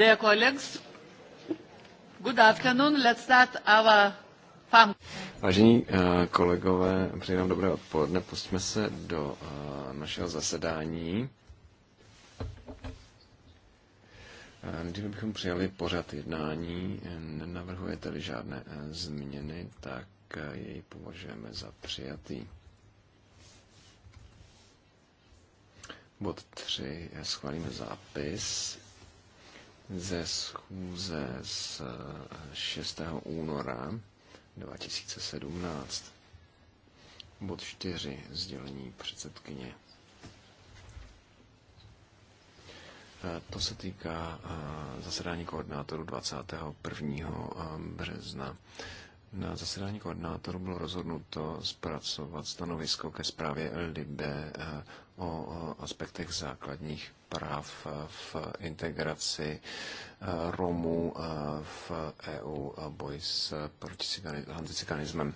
Dear colleagues, good afternoon. Let's start our farm. Vážení eh, kolegové, přeji vám dobré odpoledne. Pustíme se do eh, našeho zasedání. Eh, nejdříve bychom přijali pořad jednání. Nenavrhujete-li žádné změny, tak jej považujeme za přijatý. Bod 3 schválíme zápis ze schůze z 6. Eh, února 2017. Bod 4. Sdělení předsedkyně. Eh, to se týká eh, zasedání koordinátorů 21. března. Na zasedání koordinátorů bylo rozhodnuto zpracovat stanovisko ke zprávě LDB o aspektech základních práv eh, v integraci eh, Romů eh, v EU a boj s anticikanismem.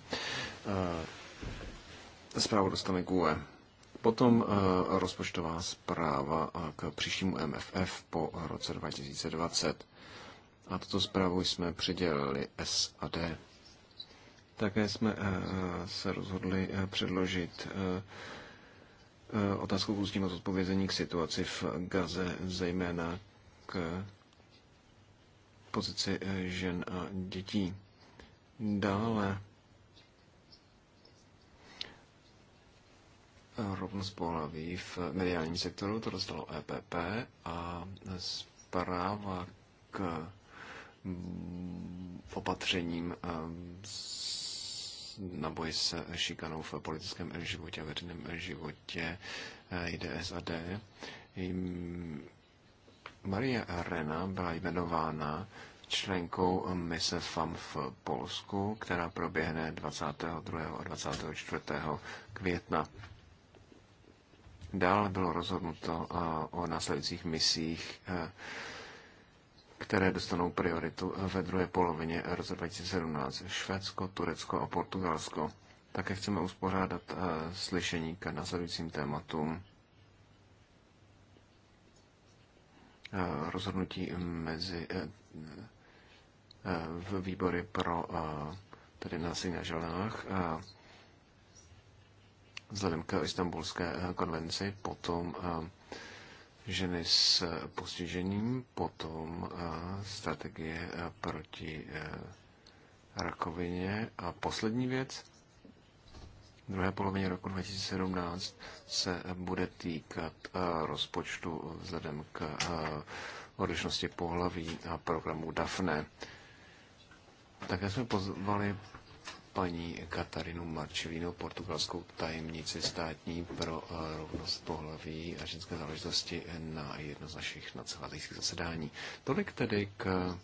Zprávu dostane GUE. Potom rozpočtová zpráva k příštímu MFF po roce 2020. A tuto zprávu jsme přidělili SAD. Také jsme se rozhodli předložit Eh, otázkou pustím od odpovězení k situaci v Gaze, zejména k pozici eh, žen a dětí. Dále rovnost pohlaví v mediálním sektoru, to dostalo EPP a zpráva k opatřením z eh, na boj s šikanou v politickém životě a veřejném životě eh, a D. Maria Arena byla jmenována členkou mise FAM v Polsku, která proběhne 22. a 24. května. Dále bylo rozhodnuto eh, o následujících misích eh, které dostanou prioritu ve druhé polovině roce 2017. Švédsko, Turecko a Portugalsko. Také chceme uspořádat eh, slyšení k následujícím tématům. Eh, rozhodnutí mezi eh, v výbory pro tedy násilí na želenách vzhledem k istambulské konvenci, potom ženy s postižením, potom eh, strategie eh, proti eh, rakovině a poslední věc, v druhé polovině roku 2017 se bude týkat rozpočtu vzhledem k odlišnosti pohlaví a programu DAFNE. Také jsme pozvali paní Katarinu Marčelínu, portugalskou tajemnici státní pro eh, rovnost pohlaví a ženské záležitosti na jedno z našich nadselatejských zasedání. Tolik tedy k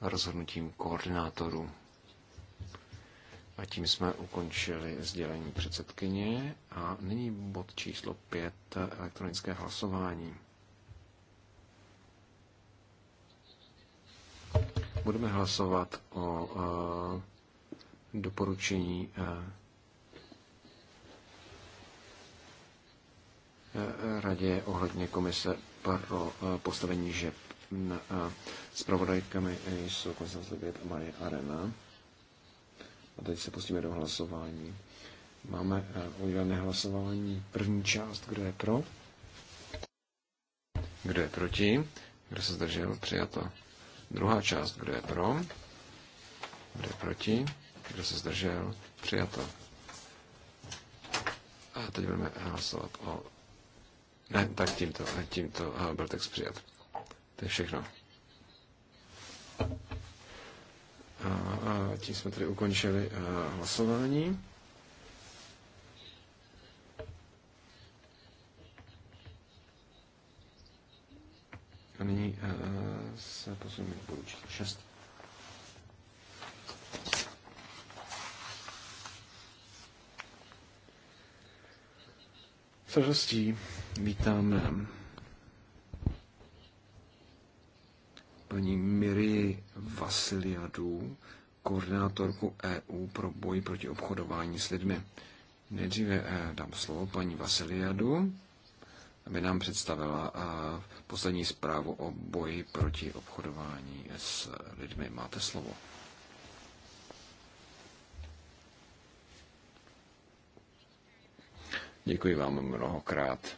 rozhodnutím koordinátorů. A tím jsme ukončili sdělení předsedkyně a nyní bod číslo 5, elektronické hlasování. Budeme hlasovat o eh, doporučení eh, eh, radě ohledně komise pro eh, postavení žeb. Spravodajkami jsou Konstantin Libět a Marie Arena. A teď se pustíme do hlasování. Máme udělané hlasování. První část, kdo je pro? Kdo je proti? Kdo se zdržel? Přijato. Druhá část, kdo je pro? Kdo je proti? Kdo se zdržel? Přijato. A teď budeme hlasovat o... Ne, tak tímto, tímto byl text přijat. To je všechno. A, a tím jsme tedy ukončili hlasování. A nyní se posuneme k bodu 6. S radostí vítám paní Miri Vasiliadu, koordinátorku EU pro boj proti obchodování s lidmi. Nejdříve eh, dám slovo paní Vasiliadu, aby nám představila eh, poslední zprávu o boji proti obchodování s lidmi. Máte slovo. Děkuji vám mnohokrát,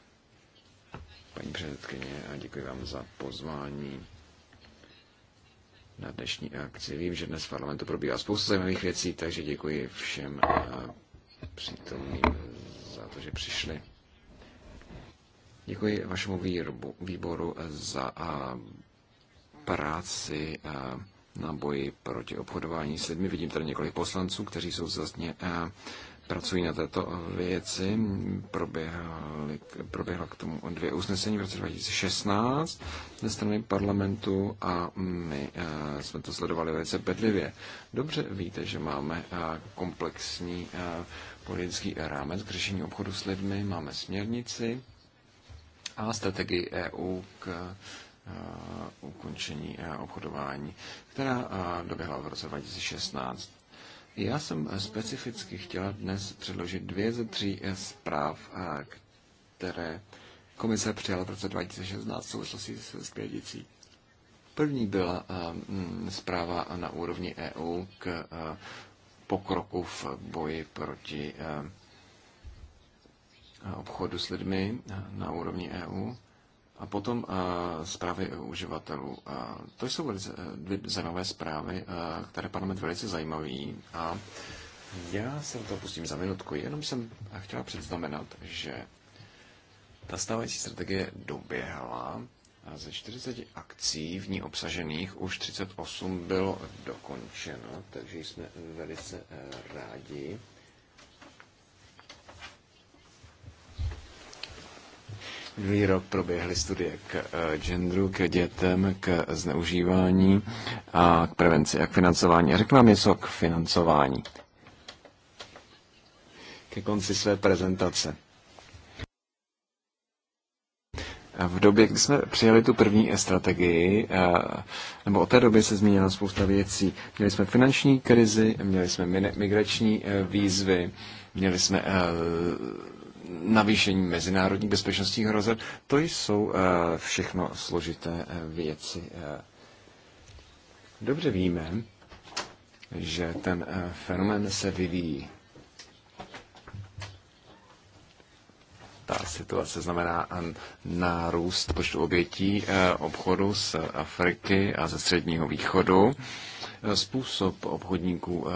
paní předsedkyně, a děkuji vám za pozvání na dnešní akci. Vím, že dnes v parlamentu probíhá spousta zajímavých věcí, takže děkuji všem eh, přítomným za to, že přišli. Děkuji vašemu výrobu, výboru za a, eh, práci a, eh, na boji proti obchodování s lidmi. Vidím tady několik poslanců, kteří jsou zazně pracují na této věci. Proběhly, proběhla k tomu dvě usnesení v roce 2016 ze strany parlamentu a my eh, jsme to sledovali velice bedlivě. Dobře víte, že máme eh, komplexní eh, politický rámec k řešení obchodu s lidmi, máme směrnici a strategii EU k ukončení obchodování, která doběhla v roce 2016. Já jsem specificky chtěla dnes předložit dvě ze tří eh, zpráv, eh, které komise přijala v roce 2016 v souvislosti s zpědicí. První byla eh, mm, zpráva na úrovni EU k pokroku v boji proti obchodu s lidmi na úrovni EU. A potom eh, zprávy uživatelů. Eh, to jsou velice eh, dvě zajímavé zprávy, které parlament velice zajímavý. A já se to pustím za minutku. Jenom jsem chtěla předznamenat, že ta stávající strategie doběhla a ze 40 akcí v ní obsažených už 38 bylo dokončeno, takže jsme velice rádi. Minulý rok proběhly studie k eh, genderu, k dětem, k zneužívání a k prevenci a k financování. A řeknu něco k financování. Ke konci své prezentace. V době, kdy jsme přijali tu první strategii, eh, nebo od té doby se změnila spousta věcí. Měli jsme finanční krizi, měli jsme migrační eh, výzvy, měli jsme navýšení mezinárodních bezpečnostních hrozeb. To jsou eh, všechno složité eh, věci. Eh, dobře víme, že ten fenomen se vyvíjí. ta situace znamená nárůst počtu obětí obchodu z Afriky a ze Středního východu. Způsob obchodníků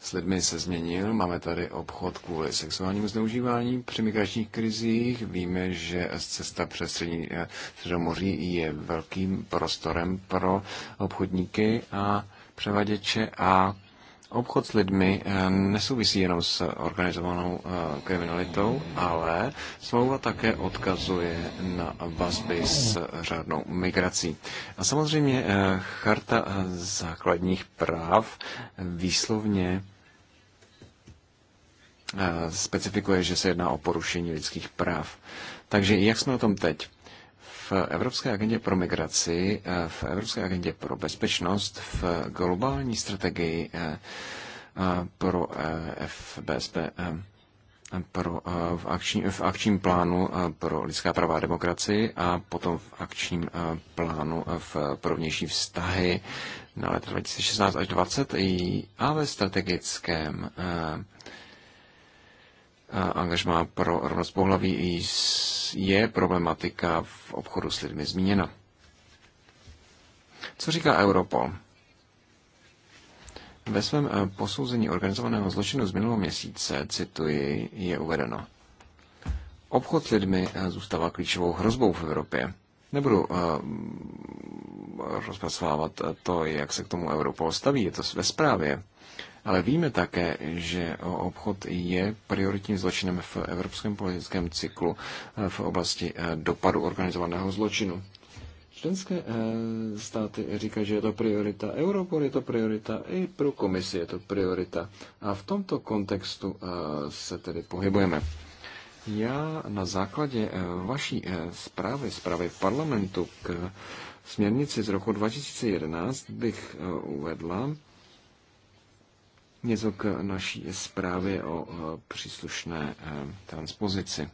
s lidmi se změnil. Máme tady obchod kvůli sexuálnímu zneužívání při migračních krizích. Víme, že cesta přes střední eh, středomoří je velkým prostorem pro obchodníky a převaděče a Obchod s lidmi eh, nesouvisí jenom s organizovanou eh, kriminalitou, ale smlouva také odkazuje na vazby s řádnou migrací. A samozřejmě eh, charta základních práv výslovně specifikuje, že se jedná o porušení lidských práv. Takže jak jsme o tom teď? v Evropské agendě pro migraci, eh, v Evropské agendě pro bezpečnost, v globální strategii eh, eh, pro FBSP, pro, v, akční, v akčním plánu pro lidská práva a demokracii a potom v akčním plánu v prvnější vztahy na let 2016 až 2020 a ve strategickém angažmá pro rovnost pohlaví je problematika v obchodu s lidmi zmíněna. Co říká Europol? Ve svém eh, posouzení organizovaného zločinu z minulého měsíce, cituji, je uvedeno. Obchod s lidmi eh, zůstává klíčovou hrozbou v Evropě. Nebudu uh, rozpracovávat to, jak se k tomu Europol staví, je to ve zprávě. Ale víme také, že obchod je prioritním zločinem v evropském politickém cyklu eh, v oblasti eh, dopadu organizovaného zločinu. Členské eh, státy říkají, že je to priorita. Europol je to priorita, i pro komisi je to priorita. A v tomto kontextu se tedy pohybujeme. Já na základě vaší zprávy, zprávy parlamentu k směrnici z roku 2011 bych uvedla, něco k naší zprávě o příslušné eh, transpozici.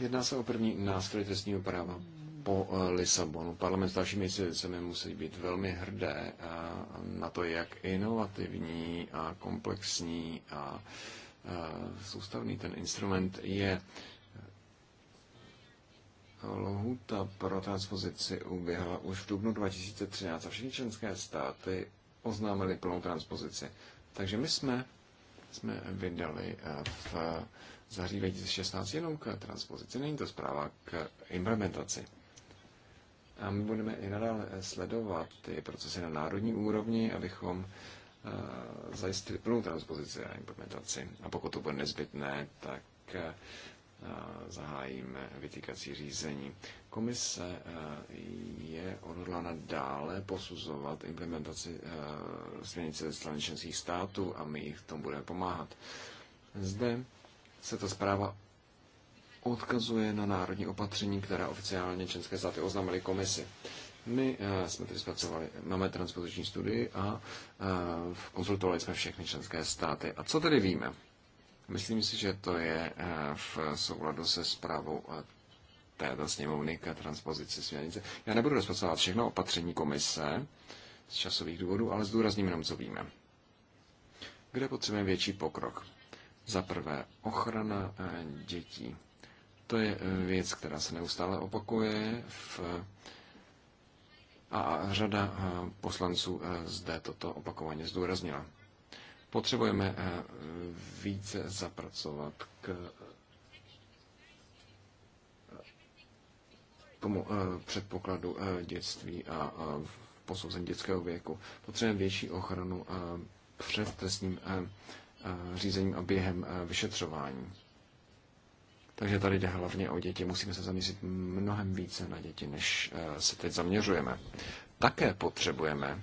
Jedná se o první nástroj trestního práva po eh, Lisabonu. Parlament s dalšími institucemi musí být velmi hrdé na to, jak inovativní a komplexní a eh, soustavný ten instrument je. Lohuta pro transpozici uběhla už v dubnu 2013 a všechny členské státy oznámily plnou transpozici. Takže my jsme, jsme vydali eh, v září 2016 jenom k transpozici. Není to zpráva k implementaci. A my budeme i nadále eh, sledovat ty procesy na národní úrovni, abychom eh, zajistili plnou transpozici a implementaci. A pokud to bude nezbytné, tak zahájíme vytýkací řízení. Komise e, je odhodlána dále posuzovat implementaci e, směrnice ze strany členských států a my jich v tom budeme pomáhat. Zde se ta zpráva odkazuje na národní opatření, která oficiálně členské státy oznámily komisi. My e, jsme tedy zpracovali, máme transpoziční studii a konzultovali jsme všechny členské státy. A co tedy víme? Myslím si, že to je eh, v souladu se zprávou eh, této sněmovny k transpozici směrnice. Já nebudu rozpracovat všechno opatření komise z časových důvodů, ale zdůrazním jenom, co víme. Kde potřebujeme větší pokrok? Za prvé, ochrana eh, dětí. To je věc, která se neustále opakuje v a řada poslanců zde toto opakovaně zdůraznila. Potřebujeme eh, více zapracovat k eh, tomu eh, předpokladu dětství a posouzení dětského věku. Potřebujeme větší ochranu před trestním řízením a během vyšetřování. Takže tady jde hlavně o děti. Musíme se zaměřit mnohem více na děti, než se teď zaměřujeme. Také potřebujeme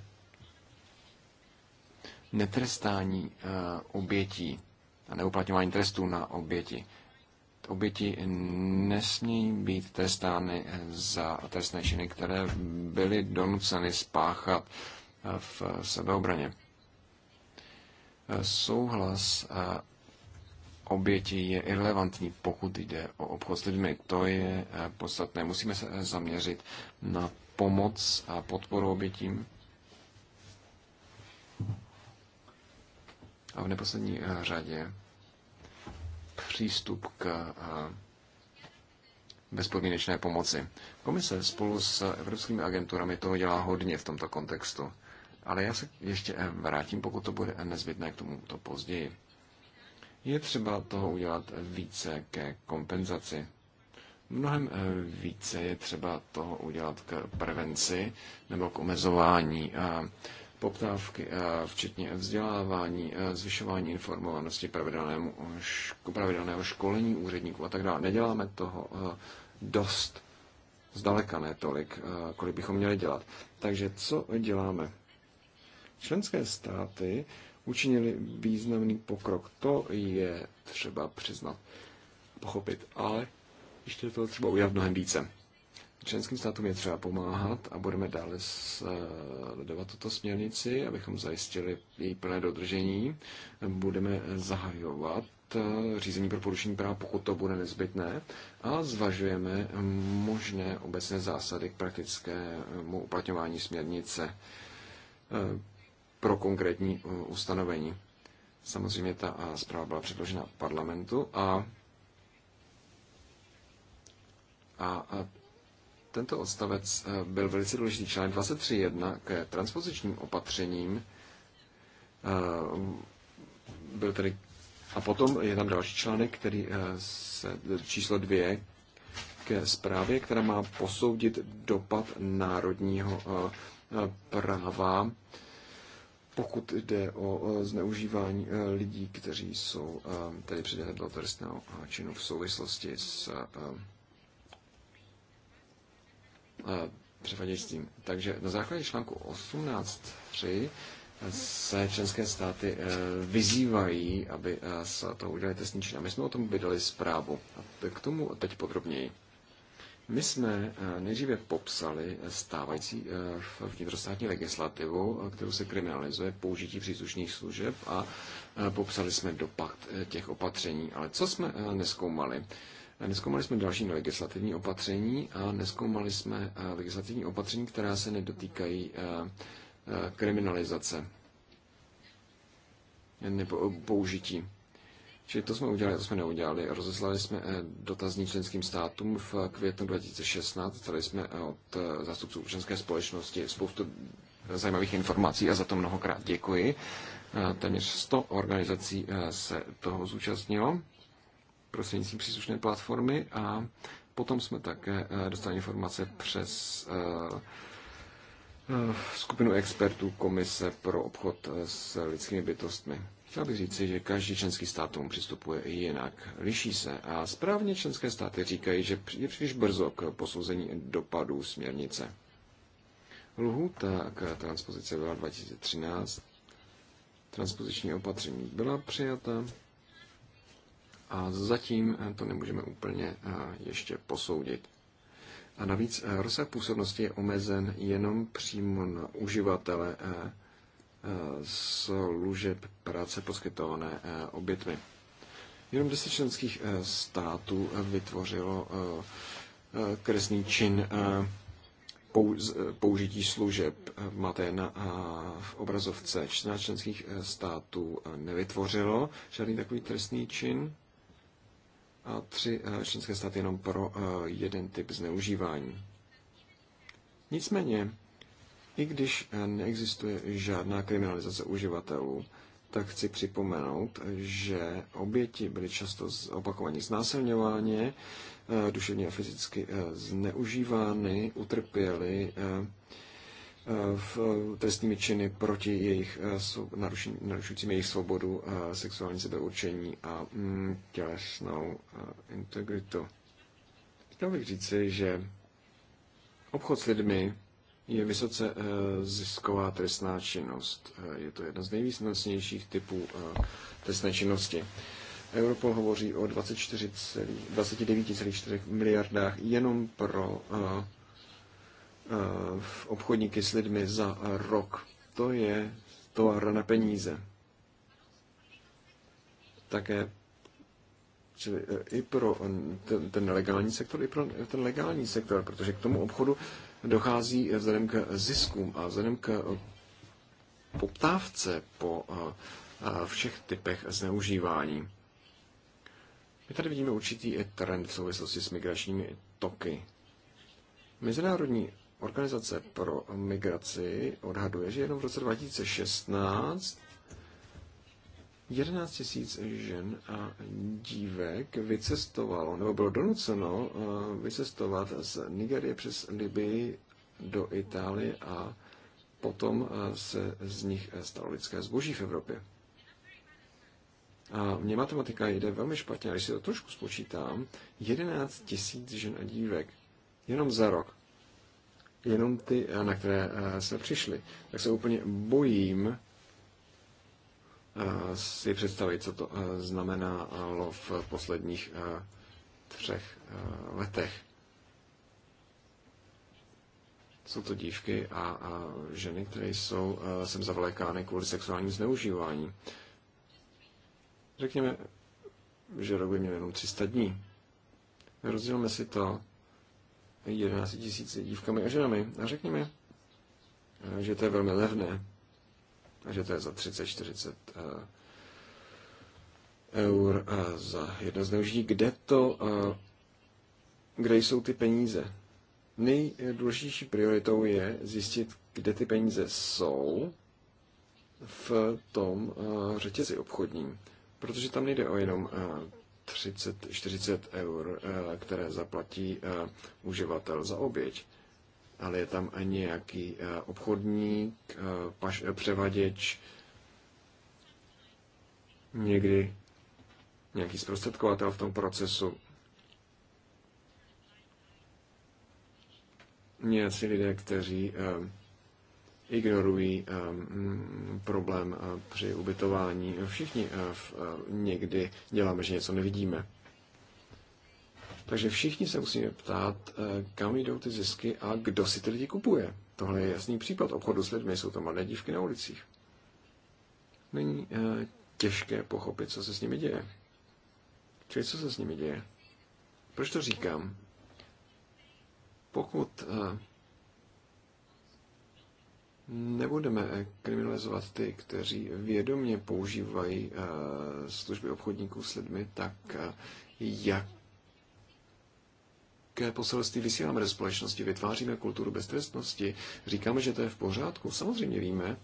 netrestání eh, obětí a neuplatňování trestů na oběti. Oběti nesmí být trestány eh, za trestné činy, které byly donuceny spáchat eh, v sebeobraně. Souhlas oběti je irrelevantní, pokud jde o obchod s lidmi. To je podstatné. Musíme se zaměřit na pomoc a podporu obětím a v neposlední eh, řadě přístup k eh, bezpodmínečné pomoci. Komise spolu s evropskými agenturami toho dělá hodně v tomto kontextu, ale já se ještě eh, vrátím, pokud to bude nezbytné k tomuto později. Je třeba toho udělat více ke kompenzaci. Mnohem více je třeba toho udělat k prevenci nebo k omezování poptávky, včetně vzdělávání, zvyšování informovanosti pravidelnému, pravidelného školení úředníků a tak dále. Neděláme toho dost, zdaleka ne tolik, kolik bychom měli dělat. Takže co děláme? Členské státy učinili významný pokrok. To je třeba přiznat, pochopit, ale ještě to třeba udělat mnohem více. Členským státům je třeba pomáhat a budeme dále sledovat eh, tuto směrnici, abychom zajistili její plné dodržení. Budeme zahajovat eh, řízení pro porušení práv, pokud to bude nezbytné, a zvažujeme možné obecné zásady k praktickému uplatňování směrnice eh, pro konkrétní ustanovení. Samozřejmě ta zpráva byla předložena parlamentu a a tento odstavec eh, byl velice důležitý článek 23.1 k transpozičním opatřením. Eh, byl tedy a potom je tam další článek, který eh, se, číslo dvě, ke zprávě, která má posoudit dopad národního práva, pokud jde o zneužívání lidí, kteří jsou tedy předmětem toho trestného činu v souvislosti s převaděčstvím. Takže na základě článku 18.3 se členské státy eh, vyzývají, aby eh, se to udělali trestní čin. A my jsme o tom vydali zprávu. A k tomu teď podrobněji. My jsme eh, nejdříve popsali stávající vnitrostátní legislativu, kterou se kriminalizuje použití příslušných služeb a popsali jsme dopad těch opatření. Ale co jsme neskoumali? Neskoumali jsme další legislativní opatření a neskoumali jsme eh, legislativní opatření, která se nedotýkají eh, eh, kriminalizace nebo použití. Čili to jsme udělali, to jsme neudělali. Rozeslali jsme dotazní členským státům v květnu 2016. Tady jsme od zástupců občanské společnosti spoustu zajímavých informací a za to mnohokrát děkuji. Téměř 100 organizací se toho zúčastnilo prostřednictvím příslušné platformy a potom jsme také eh, dostali informace přes eh, eh, skupinu expertů Komise pro obchod s lidskými bytostmi. Chtěl bych říci, že každý členský stát tomu přistupuje i jinak. Liší se a správně členské státy říkají, že je příliš brzo k posouzení dopadů směrnice. Lhůta k transpozici byla 2013. Transpoziční opatření byla přijata a zatím eh, to nemůžeme úplně eh, ještě posoudit. A navíc eh, rozsah působnosti je omezen jenom přímo na uživatele služeb práce poskytované obětmi. Jenom deset členských států vytvořilo kresný čin použití služeb. Máte na v obrazovce 14 členských států nevytvořilo žádný takový trestný čin a tři eh, členské státy jenom pro eh, jeden typ zneužívání. Nicméně, i když eh, neexistuje žádná kriminalizace uživatelů, tak chci připomenout, že oběti byly často opakovaně znásilňovány, duševně a fyzicky zneužívány, utrpěly v eh, trestními činy proti jejich eh, narušujícím jejich svobodu, eh, sexuální sebeurčení a mm, tělesnou integritu. Chtěl bych říci, že obchod s lidmi je vysoce zisková trestná činnost. Je to jedna z nejvýznamnějších typů trestné činnosti. Europol hovoří o 29,4 miliardách jenom pro Eh, v obchodníky s lidmi za rok. To je továrna na peníze. Také čili eh, i pro ten, ten legální sektor, i pro ten legální sektor, protože k tomu obchodu dochází vzhledem k ziskům a vzhledem k eh, poptávce po všech typech zneužívání. My tady vidíme určitý trend v souvislosti s migračními toky. Mezinárodní Organizace pro migraci odhaduje, že jenom v roce 2016 11 tisíc žen a dívek vycestovalo, nebo bylo donuceno eh, vycestovat z Nigerie přes Libii do Itálie a potom eh, se z nich eh, stalo lidské zboží v Evropě. A mě matematika jde velmi špatně, když si to trošku spočítám, 11 tisíc žen a dívek jenom za rok jenom ty, eh, na které eh, jsme přišli, tak se úplně bojím eh, si představit, co to znamená v posledních třech letech. Jsou to dívky a, ženy, které jsou sem zavlékány kvůli sexuálním zneužívání. Řekněme, že rok by měl jenom 300 dní. Rozdělme si to 11 tisíc dívkami a ženami. A řekněme, eh, že to je velmi levné a že to je za 30-40 eh, eur a za jedno zneužití. Kde to, eh, kde jsou ty peníze? Nejdůležitější prioritou je zjistit, kde ty peníze jsou v tom řetězi obchodním. Protože tam nejde o jenom 30-40 eur, eh, které zaplatí eh, uživatel za oběť, ale je tam ani nějaký eh, obchodník, paš, převaděč, někdy nějaký zprostředkovatel v tom procesu. Nějací lidé, kteří ignorují ehm, mm, problém eh, při ubytování. Všichni eh, eh, někdy děláme, že něco nevidíme. Takže všichni se musíme ptát, kam jdou ty zisky a kdo si ty lidi kupuje. Tohle je jasný případ obchodu s lidmi, jsou to malé dívky na ulicích. Není těžké pochopit, co se s nimi děje. Čili co se s nimi děje? Proč to říkám? Pokud nebudeme eh, kriminalizovat ty, kteří vědomě používají eh, služby obchodníků s lidmi, tak eh, jaké poselství vysíláme do společnosti? Vytváříme kulturu beztrestnosti? Říkáme, že to je v pořádku? Samozřejmě víme.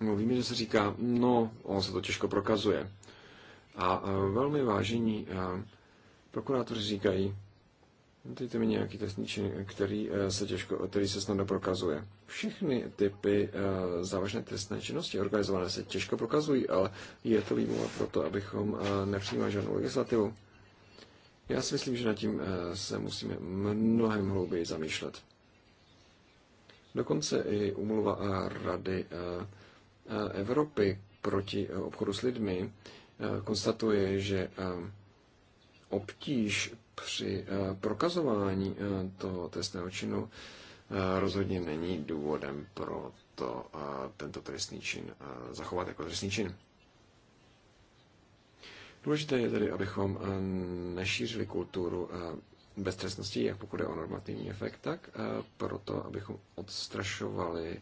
Mluvíme, no, že se říká, no, on se to těžko prokazuje. A velmi vážení prokurátoři říkají, Dejte mi nějaký trestní čin, který eh, se, těžko, který se snadno prokazuje. Všechny typy eh, závažné trestné činnosti organizované se těžko prokazují, ale je to výmluva pro to, abychom eh, nepřijímali žádnou legislativu. Já si myslím, že nad tím se musíme mnohem hlouběji zamýšlet. Dokonce i umluva Rady Evropy proti obchodu s lidmi konstatuje, že obtíž při eh, prokazování eh, toho trestného činu eh, rozhodně není důvodem pro to, tento trestný čin zachovat jako trestný čin. Důležité je tedy, abychom nešířili kulturu beztrestnosti, jak pokud je o normativní efekt, tak proto, abychom odstrašovali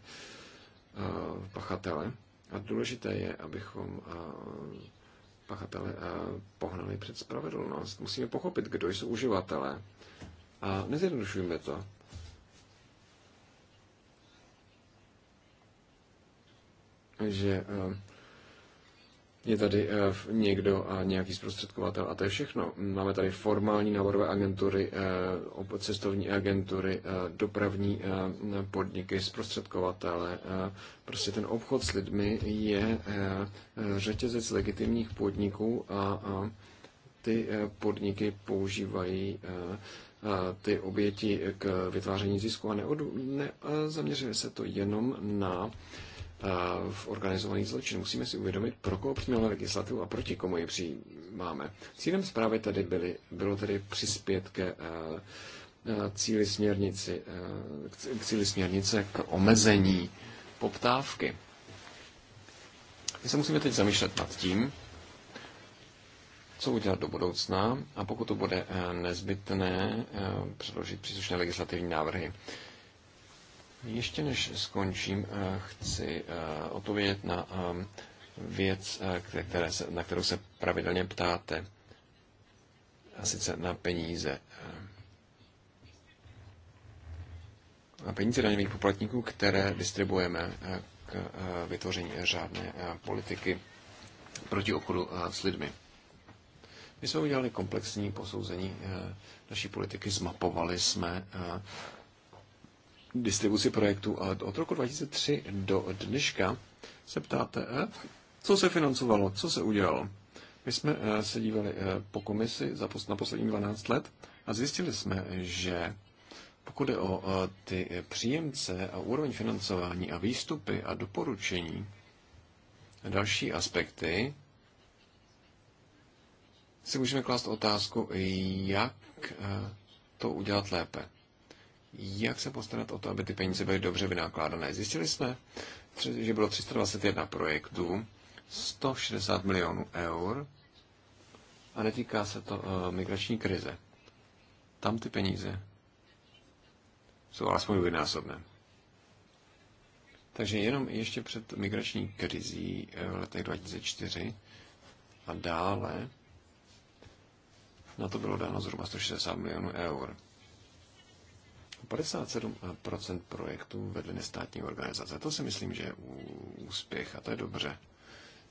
pachatele. A důležité je, abychom pachatele eh, pohnali před spravedlnost. Musíme pochopit, kdo jsou uživatelé. A nezjednodušujme to. Že eh, je tady eh, někdo a nějaký zprostředkovatel a to je všechno. Máme tady formální náborové agentury, eh, cestovní agentury, eh, dopravní podniky, zprostředkovatele. Prostě ten obchod s lidmi je řetězec legitimních podniků a ty podniky používají ty oběti k vytváření zisku a ne zaměřuje se to jenom na uh, v organizovaný zločin. Musíme si uvědomit, pro koho přijímáme legislativu a proti komu ji přijímáme. Cílem zprávy tady byly, bylo tedy přispět ke cíli, směrnici, k cíli směrnice k omezení poptávky. My se musíme teď zamýšlet nad tím, co udělat do budoucna a pokud to bude e, nezbytné, e, předložit příslušné legislativní návrhy. Ještě než skončím, eh, chci eh, odpovědět na eh, věc, které se, na kterou se pravidelně ptáte, a sice na peníze. A peníze daňových poplatníků, které distribuujeme k vytvoření řádné politiky proti obchodu s lidmi. My jsme udělali komplexní posouzení naší politiky, zmapovali jsme distribuci projektů. A od roku 2003 do dneška se ptáte, eh, co se financovalo, co se udělalo. My jsme eh, se dívali eh, po komisi za na poslední 12 let a zjistili jsme, že pokud jde o ty příjemce a úroveň financování a výstupy a doporučení, další aspekty, si můžeme klást otázku, jak to udělat lépe jak se postarat o to, aby ty peníze byly dobře vynakládané. Zjistili jsme, že bylo 321 projektů, 160 milionů eur a netýká se to uh, migrační krize. Tam ty peníze jsou alespoň vynásobné. Takže jenom ještě před migrační krizí eh, v letech 2004 a dále na to bylo dáno zhruba 160 milionů eur. 57% projektů vedly nestátní organizace. To si myslím, že je úspěch a to je dobře.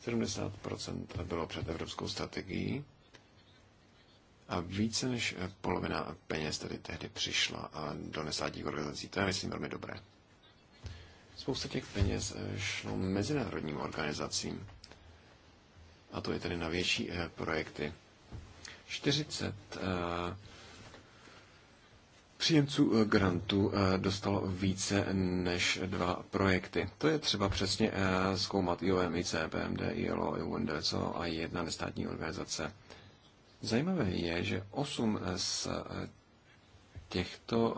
70% bylo před evropskou strategií a více než polovina peněz tedy tehdy přišla a do nestátních organizací. To je, myslím, velmi dobré. Spousta těch peněz eh, šlo mezinárodním organizacím. A to je tedy na větší eh, projekty. 40 příjemců eh, grantu eh, dostalo více než dva projekty. To je třeba přesně eh, zkoumat IOM, ICPMD, ILO, UNDCO a jedna nestátní organizace. Zajímavé je, že osm z těchto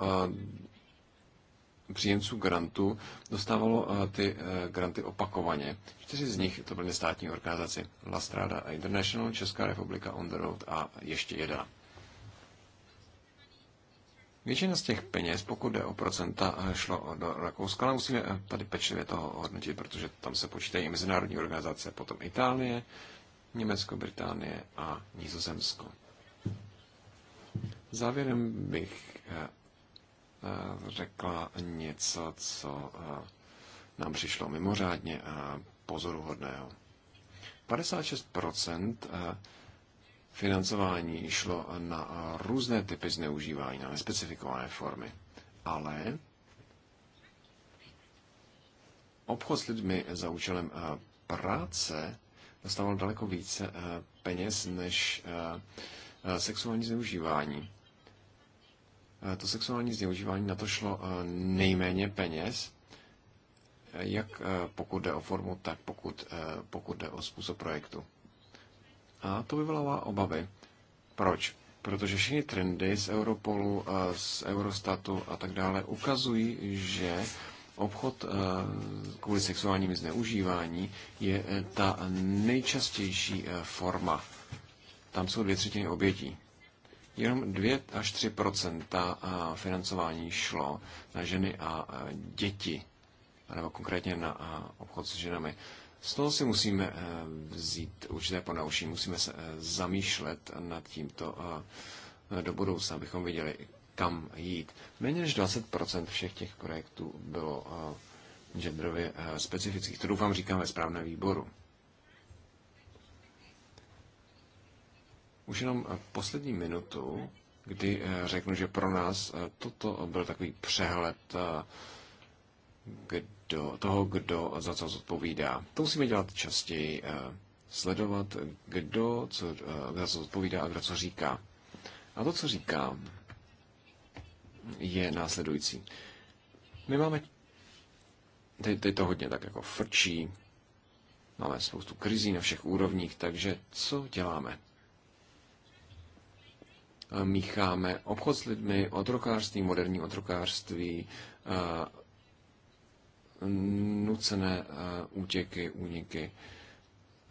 příjemců grantu dostávalo ty granty opakovaně. Čtyři z nich to byly státní organizace La Strada International, Česká republika On the Road a ještě jedna. Většina z těch peněz, pokud jde o procenta, šlo do Rakouska, ale musíme tady pečlivě toho hodnotit, protože tam se počítají i mezinárodní organizace, potom Itálie, Německo, Británie a Nizozemsko. Závěrem bych eh, eh, řekla něco, co eh, nám přišlo mimořádně pozoruhodného. 56 financování šlo na různé typy zneužívání, na nespecifikované formy. Ale obchod s lidmi za účelem eh, práce dostával daleko více eh, peněz než eh, sexuální zneužívání. To sexuální zneužívání na to šlo nejméně peněz, jak pokud jde o formu, tak pokud, pokud jde o způsob projektu. A to vyvolává obavy. Proč? Protože všechny trendy z Europolu, eh, z Eurostatu a tak dále ukazují, že obchod eh, kvůli sexuálním zneužívání je eh, ta nejčastější forma. Tam jsou dvě třetiny obětí. Jenom 2 až 3 financování šlo na ženy a děti, nebo konkrétně na obchod s ženami. Z toho si musíme eh, vzít určité ponauší, musíme se eh, zamýšlet nad tímto eh, do budoucna, abychom viděli, kam jít. Méně než 20% všech těch projektů bylo genderově specifických. To doufám říkám ve správném výboru. Už jenom poslední minutu, kdy řeknu, že pro nás toto byl takový přehled, kdy do toho, kdo za co zodpovídá. To musíme dělat častěji, eh, sledovat, kdo co, eh, za co zodpovídá a kdo co říká. A to, co říkám, je následující. My máme, teď, teď to hodně tak jako frčí, máme spoustu krizí na všech úrovních, takže co děláme? Eh, mícháme obchod s lidmi, otrokářství, moderní otrokářství, nucené eh, útěky, úniky.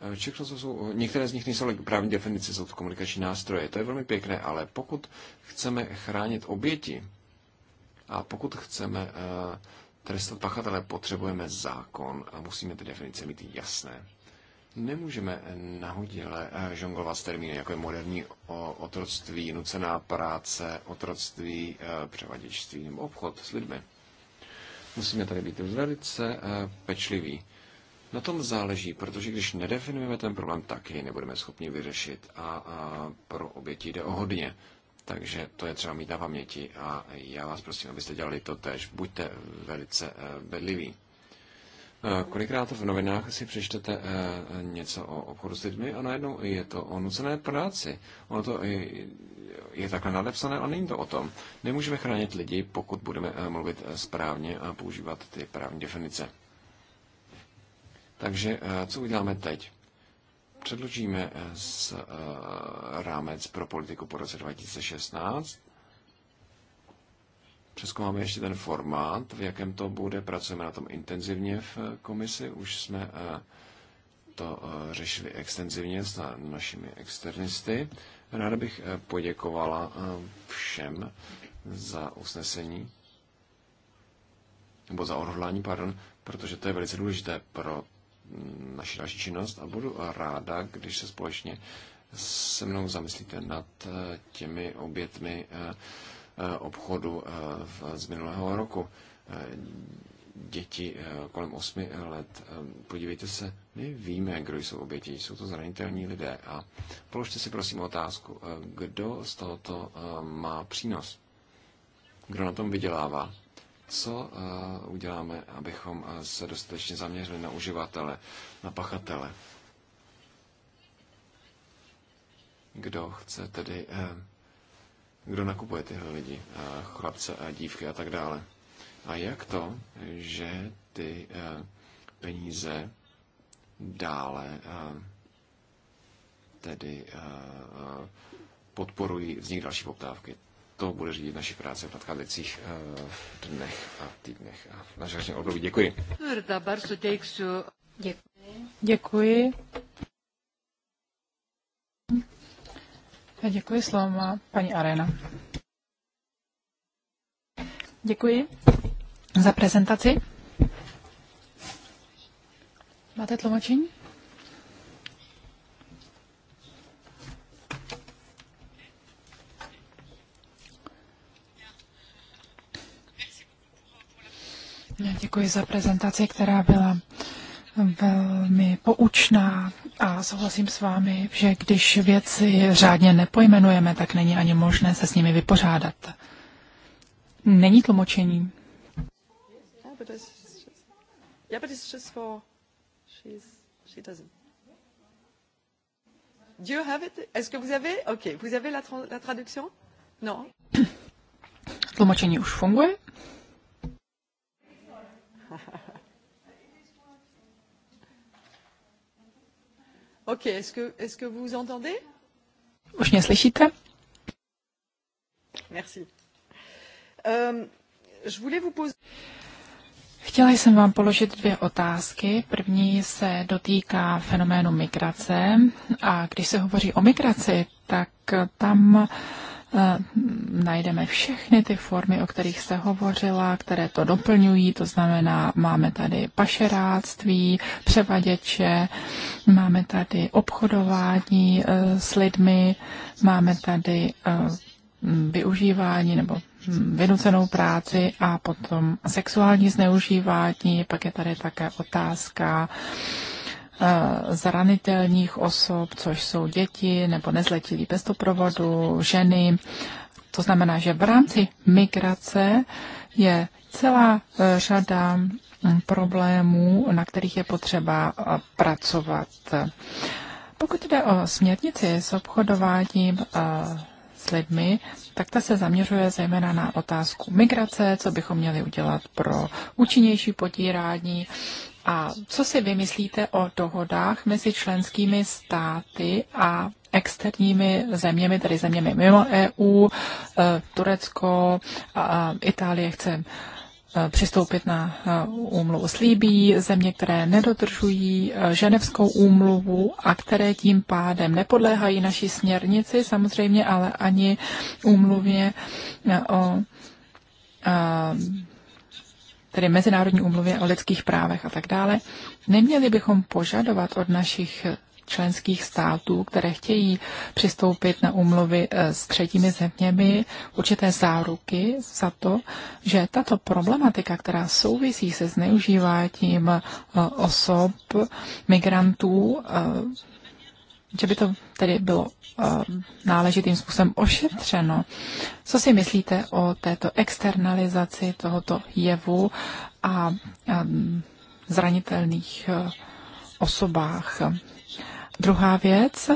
Eh, všechno to jsou, některé z nich nejsou právní definice, jsou to komunikační nástroje. To je velmi pěkné, ale pokud chceme chránit oběti a pokud chceme eh, trestat pachatele, potřebujeme zákon a musíme ty definice mít jasné. Nemůžeme nahodile žonglovat s termíny, jako je moderní otroctví, nucená práce, otroctví, převaděčství nebo obchod s lidmi. Musíme tady být velice eh, pečliví. Na tom záleží, protože když nedefinujeme ten problém, tak nebudeme schopni vyřešit a, a pro oběti jde o hodně. Takže to je třeba mít na paměti a já vás prosím, abyste dělali to tež. Buďte velice eh, bedliví. Eh, kolikrát v novinách si přečtete eh, něco o obchodu s lidmi a najednou je to o nucené práci. Ono to je, takhle nadepsané a není to o tom. Nemůžeme chránit lidi, pokud budeme eh, mluvit správně a používat ty právní definice. Takže co uděláme teď? Předložíme s rámec pro politiku po roce 2016 Přeskoumáme ještě ten formát, v jakém to bude. Pracujeme na tom intenzivně v eh, komisi. Už jsme eh, to eh, řešili extenzivně s našimi externisty. Ráda bych poděkovala všem za usnesení, nebo za odhodlání, pardon, protože to je velice důležité pro mm, naši další činnost a budu ráda, když se společně se mnou zamyslíte nad těmi obětmi Eh, obchodu eh, z minulého roku. Eh, děti kolem 8 let, podívejte se, my víme, kdo jsou oběti, jsou to zranitelní lidé a položte si prosím otázku, kdo z tohoto má přínos, kdo na tom vydělává co uděláme, abychom se dostatečně zaměřili na uživatele, na pachatele. Kdo chce tedy kdo nakupuje tyhle lidi, chlapce a dívky a tak dále. A jak to, že ty eh, peníze dále eh, tedy eh, podporují vznik další poptávky. To bude řídit naši práce v nadcházejících dnech a týdnech a naše našem období. Děkuji. Děkuji. Děkuji. Děkuji, slovo má paní Arena. Děkuji za prezentaci. Máte tlumočení? Děkuji za prezentaci, která byla velmi poučná a souhlasím s vámi, že když věci řádně nepojmenujeme, tak není ani možné se s nimi vypořádat. Není tlumočení. Est-ce que vous avez? Ok, vous avez la, traduction? Non. Tlumočení už funguje. OK, est-ce que, est que vous entendez? Už mě slyšíte? Merci. Um, je voulais vous poser... Chtěla jsem vám položit dvě otázky. První se dotýká fenoménu migrace. A když se hovoří o migraci, tak tam uh, Eh, najdeme všechny ty formy, o kterých jste hovořila, které to doplňují, to znamená, máme tady pašeráctví, převaděče, máme tady obchodování eh, s lidmi, máme tady eh, využívání nebo hm, vynucenou práci a potom sexuální zneužívání, pak je tady také otázka zranitelných osob, což jsou děti nebo nezletilí bez doprovodu, ženy. To znamená, že v rámci migrace je celá e, řada problémů, na kterých je potřeba pracovat. Pokud jde o směrnici s obchodováním e, s lidmi, tak ta se zaměřuje zejména na otázku migrace, co bychom měli udělat pro účinnější potírání a co si vymyslíte o dohodách mezi členskými státy a externími zeměmi, tedy zeměmi mimo EU, e, Turecko, Itálie chce e, přistoupit na e, úmluvu slíbí země, které nedodržují ženevskou úmluvu a které tím pádem nepodléhají naší směrnici samozřejmě, ale ani úmluvě o tedy Mezinárodní úmluvě o lidských právech a tak dále, neměli bychom požadovat od našich členských států, které chtějí přistoupit na úmluvy eh, s třetími zeměmi, určité záruky za to, že tato problematika, která souvisí se zneužíváním eh, osob, migrantů, eh, že by to tedy bylo eh, náležitým způsobem ošetřeno. Co si myslíte o této externalizaci tohoto jevu a zranitelných eh, osobách? Druhá věc,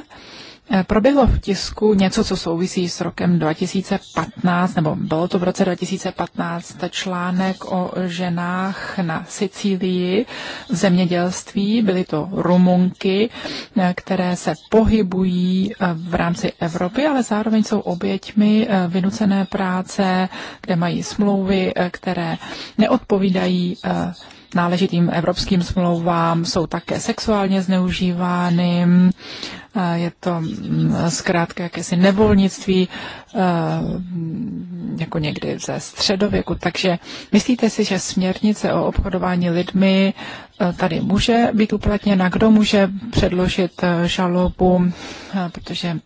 Eh, proběhlo v tisku něco, co souvisí s rokem 2015, nebo bylo to v roce 2015, článek o ženách na Sicílii v zemědělství. Byly to rumunky, eh, které se pohybují eh, v rámci Evropy, ale zároveň jsou oběťmi vynucené práce, kde mají smlouvy, které neodpovídají náležitým evropským smlouvám, jsou také sexuálně zneužívány, je to mm, zkrátka jakési nevolnictví, eh, jako někdy ze středověku. Takže myslíte si, že směrnice o obchodování lidmi eh, tady může být uplatněna? Kdo může předložit eh, žalobu? Protože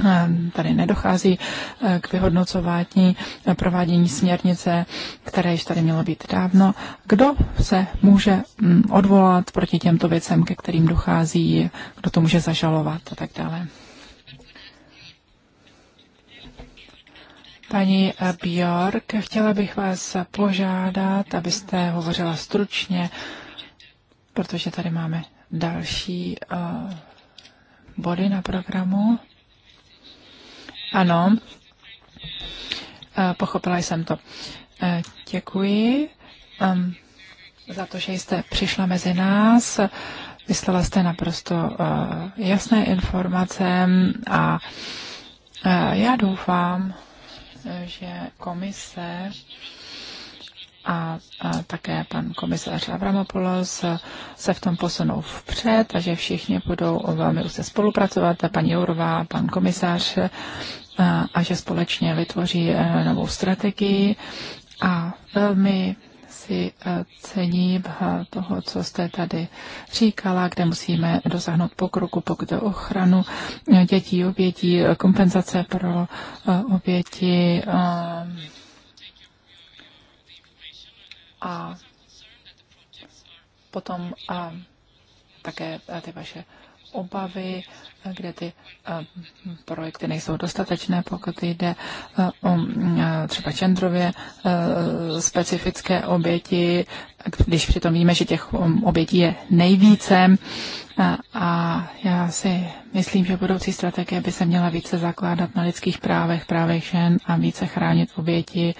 Ehm, tady nedochází eh, k vyhodnocování eh, provádění směrnice, které již tady mělo být dávno. Kdo se může mm, odvolat proti těmto věcem, ke kterým dochází, kdo to může zažalovat a tak dále? Paní eh, Bjork, chtěla bych vás požádat, abyste hovořila stručně, protože tady máme další body na programu. Ano, eh, pochopila jsem to. Eh, děkuji ehm, za to, že jste přišla mezi nás. Vyslala jste naprosto eh, jasné informace a já doufám, že komise a, také pan komisař Avramopoulos se v tom posunou vpřed a že všichni budou velmi úzce spolupracovat, paní Jourová, pan komisař a že společně vytvoří e, novou strategii a velmi si e, cením e, toho, co jste tady říkala, kde musíme dosáhnout pokroku, pokud je ochranu dětí, obětí, kompenzace pro oběti a potom a také ty vaše obavy, kde ty eh, projekty nejsou dostatečné, pokud jde eh, o mm, eh, třeba čendrově specifické oběti, když přitom víme, že těch mm, obětí je nejvíce. A já si myslím, že budoucí strategie by se měla více zakládat na lidských právech, právech žen a více chránit oběti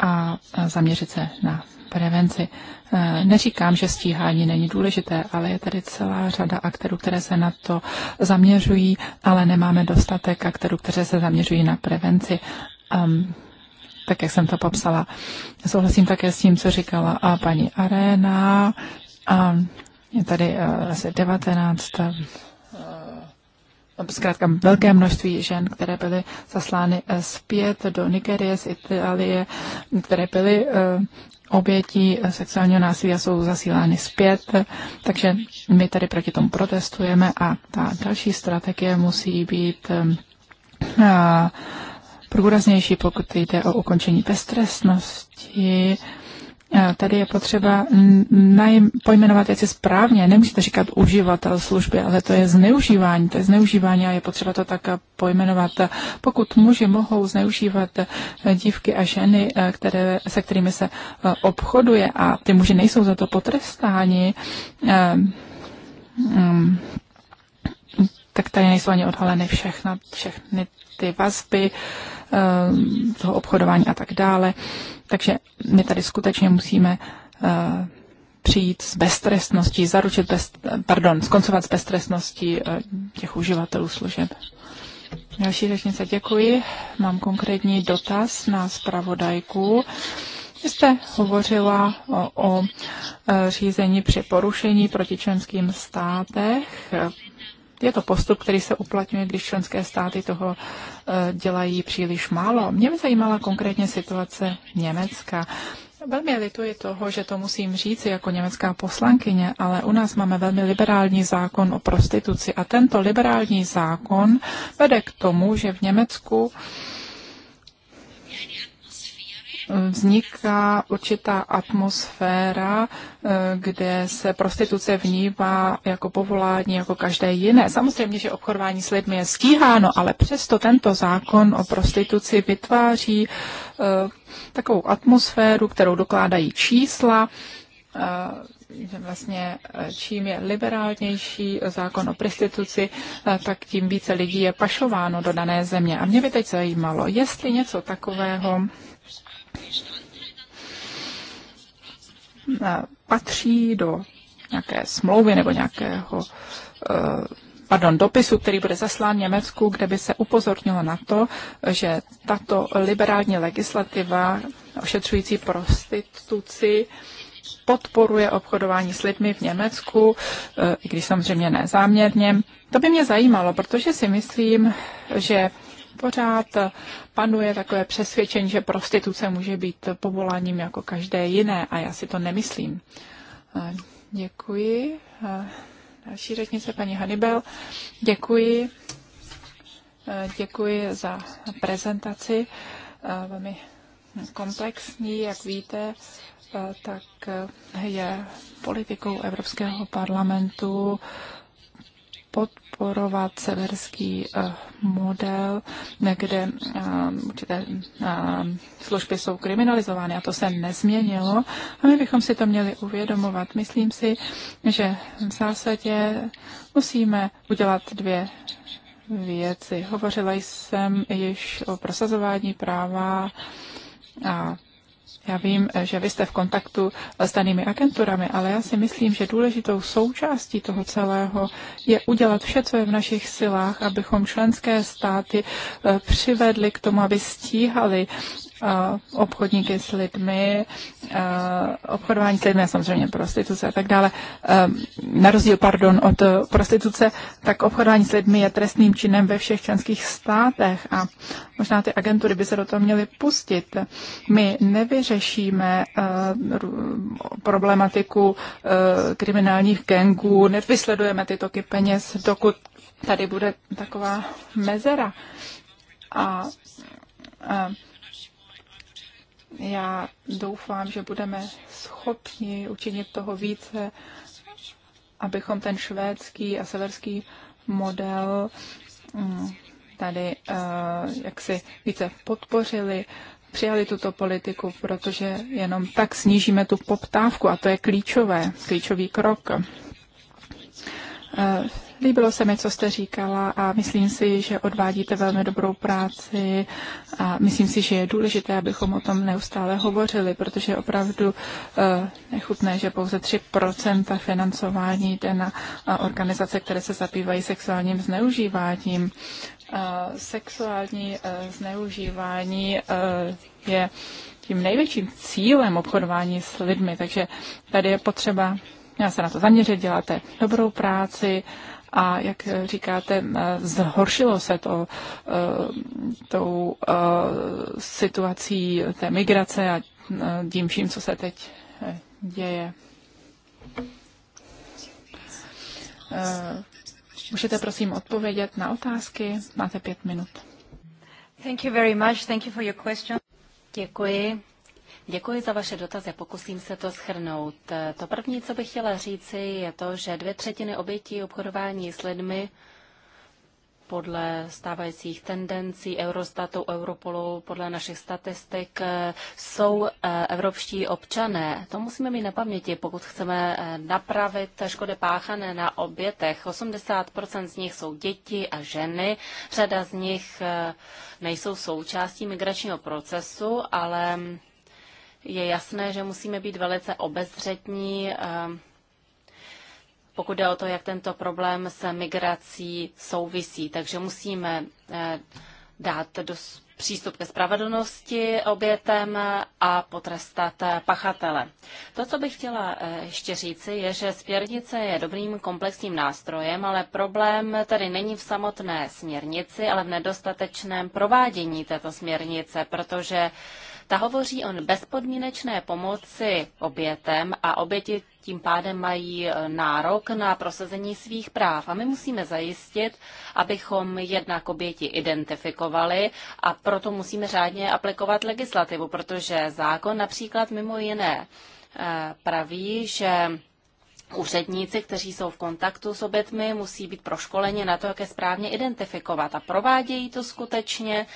a zaměřit se na prevenci. Eh, neříkám, že stíhání není důležité, ale je tady celá řada aktérů, které se na to zaměřují, ale nemáme dostatek aktérů, které se zaměřují na prevenci. Um, tak, jak jsem to popsala. Souhlasím také s tím, co říkala a paní Arena. Um, je tady eh, asi 19 zkrátka velké množství žen, které byly zaslány eh, zpět do Nigérie z Itálie, které byly eh, obětí eh, sexuálního násilí a jsou zasílány zpět. Takže my tady proti tomu protestujeme a ta další strategie musí být průraznější, pokud jde o ukončení beztrestnosti, Eh, tady je potřeba pojmenovat věci správně. Nemůžete říkat uživatel služby, ale to je zneužívání. To je zneužívání a je potřeba to tak pojmenovat. Pokud muži mohou zneužívat eh, dívky a ženy, eh, které, se kterými se obchoduje a ty muži nejsou za to potrestáni, um, tak tady nejsou ani odhaleny všechna, všechny ty vazby ehm, toho obchodování a tak dále. Takže my tady skutečně musíme eh, přijít s beztrestností, zaručit bez, pardon, skoncovat s beztrestností eh, těch uživatelů služeb. Další řečnice, děkuji. Mám konkrétní dotaz na zpravodajku. Vy jste hovořila o, o eh, řízení při porušení proti členským státech je to postup, který se uplatňuje, když členské státy toho eh, dělají příliš málo. Mě by zajímala konkrétně situace Německa. Velmi lituji toho, že to musím říct jako německá poslankyně, ale u nás máme velmi liberální zákon o prostituci a tento liberální zákon vede k tomu, že v Německu uh, vzniká určitá atmosféra, eh, kde se prostituce vnímá jako povolání, jako každé jiné. Samozřejmě, že obchodování s lidmi je stíháno, ale přesto tento zákon o prostituci vytváří eh, takovou atmosféru, kterou dokládají čísla, eh, že vlastně čím je liberálnější zákon o prostituci, tak tím více lidí je pašováno do dané země. A mě by teď zajímalo, jestli něco takového patří do nějaké smlouvy nebo nějakého eh, pardon, dopisu, který bude zaslán Německu, kde by se upozornilo na to, že tato liberální legislativa ošetřující prostituci podporuje obchodování s lidmi v Německu, eh, i když samozřejmě nezáměrně. To by mě zajímalo, protože si myslím, že pořád panuje takové přesvědčení, že prostituce může být povoláním jako každé jiné a já si to nemyslím. Děkuji. Další řečnice, paní Hannibal. Děkuji. Děkuji za prezentaci. Velmi komplexní, jak víte, tak je politikou Evropského parlamentu pod podporovat severský eh, model, kde eh, určité eh, služby jsou kriminalizovány a to se nezměnilo. A my bychom si to měli uvědomovat. Myslím si, že v zásadě musíme udělat dvě věci. Hovořila jsem již o prosazování práva a já vím, eh, že vy jste v kontaktu eh, s danými agenturami, ale já si myslím, že důležitou součástí toho celého je udělat vše, co je v našich silách, abychom členské státy eh, přivedli k tomu, aby stíhali obchodníky s lidmi, obchodování s lidmi samozřejmě prostituce a tak dále. Na rozdíl, pardon, od prostituce, tak obchodování s lidmi je trestným činem ve všech členských státech a možná ty agentury by se do toho měly pustit. My nevyřešíme problematiku kriminálních gangů, nevysledujeme ty toky peněz, dokud tady bude taková mezera. A, a já doufám, že budeme schopni učinit toho více, abychom ten švédský a severský model mm, tady eh, jaksi více podpořili, přijali tuto politiku, protože jenom tak snížíme tu poptávku a to je klíčové, klíčový krok. Eh, Líbilo se mi, co jste říkala a myslím si, že odvádíte velmi dobrou práci a myslím si, že je důležité, abychom o tom neustále hovořili, protože je opravdu eh, nechutné, že pouze 3% financování jde na eh, organizace, které se zabývají sexuálním zneužíváním. Eh, sexuální zneužívání je tím největším cílem obchodování s lidmi, takže tady je potřeba já se na to zaměřit, děláte dobrou práci Uh, a jak říkáte, zhoršilo se to e, tou e, situací té migrace a e, tím vším, co se teď děje. Můžete prosím odpovědět na otázky? Máte pět minut. Thank you very much. Thank you for your question. Děkuji Děkuji za vaše dotazy, pokusím se to schrnout. To první, co bych chtěla říci, je to, že dvě třetiny obětí obchodování s lidmi podle stávajících tendencí Eurostatu, Europolu, podle našich statistik, jsou eh, evropští občané. To musíme mít na paměti, pokud chceme eh, napravit škody páchané na obětech. 80% z nich jsou děti a ženy, řada z nich eh, nejsou součástí migračního procesu, ale je jasné, že musíme být velice obezřetní, ehm, pokud jde o to, jak tento problém se migrací souvisí. Takže musíme eh, dát do přístup ke spravedlnosti obětem a potrestat eh, pachatele. To, co bych chtěla eh, ještě říci, je, že směrnice je dobrým komplexním nástrojem, ale problém tedy není v samotné směrnici, ale v nedostatečném provádění této směrnice, protože ta hovoří o bezpodmínečné pomoci obětem a oběti tím pádem mají e, nárok na prosazení svých práv. A my musíme zajistit, abychom jednak oběti identifikovali a proto musíme řádně aplikovat legislativu, protože zákon například mimo jiné e, praví, že Úředníci, kteří jsou v kontaktu s obětmi, musí být proškoleni na to, jak je správně identifikovat. A provádějí to skutečně.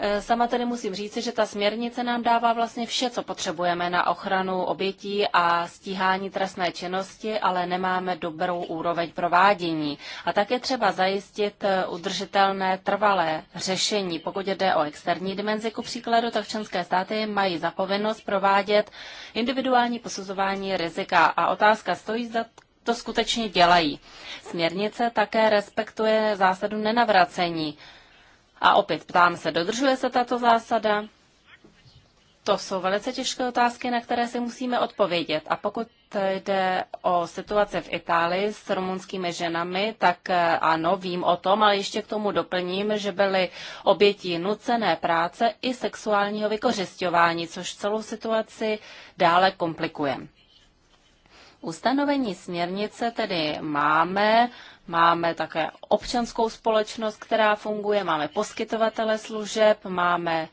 Eh, sama tedy musím říci, že ta směrnice nám dává vlastně vše, co potřebujeme na ochranu obětí a stíhání trestné činnosti, ale nemáme dobrou úroveň provádění. A tak je třeba zajistit eh, udržitelné trvalé řešení. Pokud jde o externí dimenzi, ku příkladu, tak členské státy mají zapovinnost provádět individuální posuzování rizika. A otázka stojí, zda to skutečně dělají. Směrnice také respektuje zásadu nenavracení. A opět ptám se, dodržuje se tato zásada? To jsou velice těžké otázky, na které si musíme odpovědět. A pokud jde o situaci v Itálii s rumunskými ženami, tak eh, ano, vím o tom, ale ještě k tomu doplním, že byly obětí nucené práce i sexuálního vykořišťování, což celou situaci dále komplikuje. Ustanovení směrnice tedy máme, máme také občanskou společnost, která funguje, máme poskytovatele služeb, máme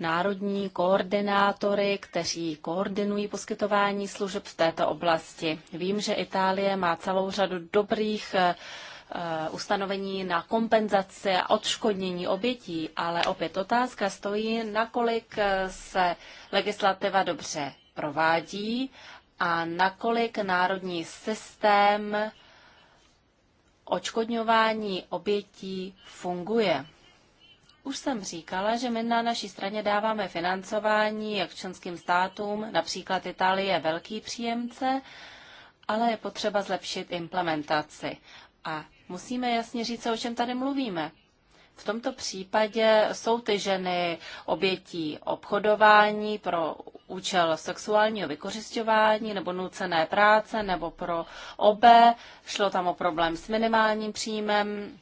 národní koordinátory, kteří koordinují poskytování služeb v této oblasti. Vím, že Itálie má celou řadu dobrých eh, eh, ustanovení na kompenzaci a odškodnění obětí, ale opět otázka stojí, nakolik eh, se legislativa dobře provádí a nakolik národní systém očkodňování obětí funguje. Už jsem říkala, že my na naší straně dáváme financování jak členským státům, například Itálie je velký příjemce, ale je potřeba zlepšit implementaci. A musíme jasně říct, o čem tady mluvíme. V tomto případě jsou ty ženy obětí obchodování pro účel sexuálního vykořišťování nebo nucené práce nebo pro obé. Šlo tam o problém s minimálním příjmem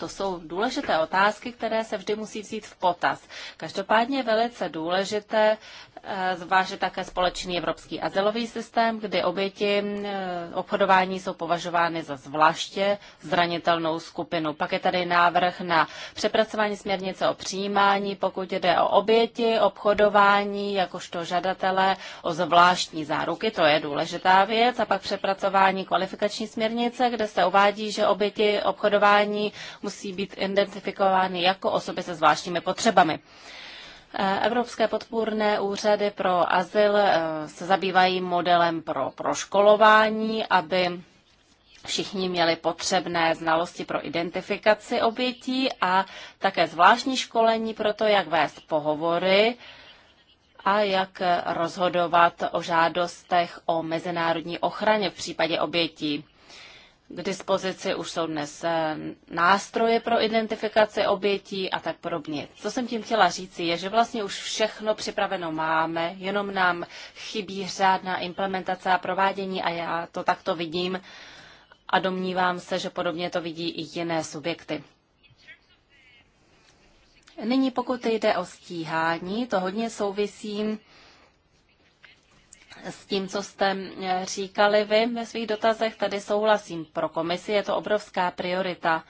to jsou důležité otázky, které se vždy musí vzít v potaz. Každopádně je velice důležité eh, zvážit také společný evropský azylový systém, kdy oběti eh, obchodování jsou považovány za zvláště zranitelnou skupinu. Pak je tady návrh na přepracování směrnice o přijímání, pokud jde o oběti obchodování, jakožto žadatele o zvláštní záruky, to je důležitá věc, a pak přepracování kvalifikační směrnice, kde se uvádí, že oběti obchodování musí být identifikovány jako osoby se zvláštními potřebami. Eh, Evropské podpůrné úřady pro azyl eh, se zabývají modelem pro proškolování, aby Všichni měli potřebné znalosti pro identifikaci obětí a také zvláštní školení pro to, jak vést pohovory a jak rozhodovat o žádostech o mezinárodní ochraně v případě obětí. K dispozici už jsou dnes eh, nástroje pro identifikaci obětí a tak podobně. Co jsem tím chtěla říci, je, že vlastně už všechno připraveno máme, jenom nám chybí řádná implementace a provádění a já to takto vidím a domnívám se, že podobně to vidí i jiné subjekty. Nyní pokud jde o stíhání, to hodně souvisí s tím, co jste eh, říkali vy ve svých dotazech. Tady souhlasím. Pro komisi je to obrovská priorita,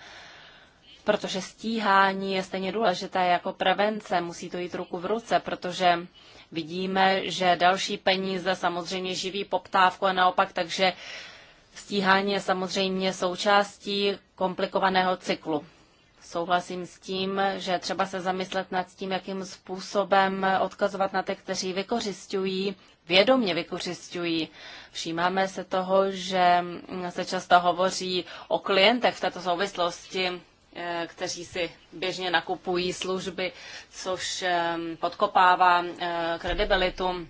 protože stíhání je stejně důležité jako prevence. Musí to jít ruku v ruce, protože vidíme, že další peníze samozřejmě živí poptávku a naopak, takže stíhání je samozřejmě součástí komplikovaného cyklu. Souhlasím s tím, že třeba se zamyslet nad tím, jakým způsobem odkazovat na ty, kteří vykořišťují, vědomě vykořišťují. Všímáme se toho, že se často hovoří o klientech v této souvislosti, eh, kteří si běžně nakupují služby, což eh, podkopává eh, kredibilitu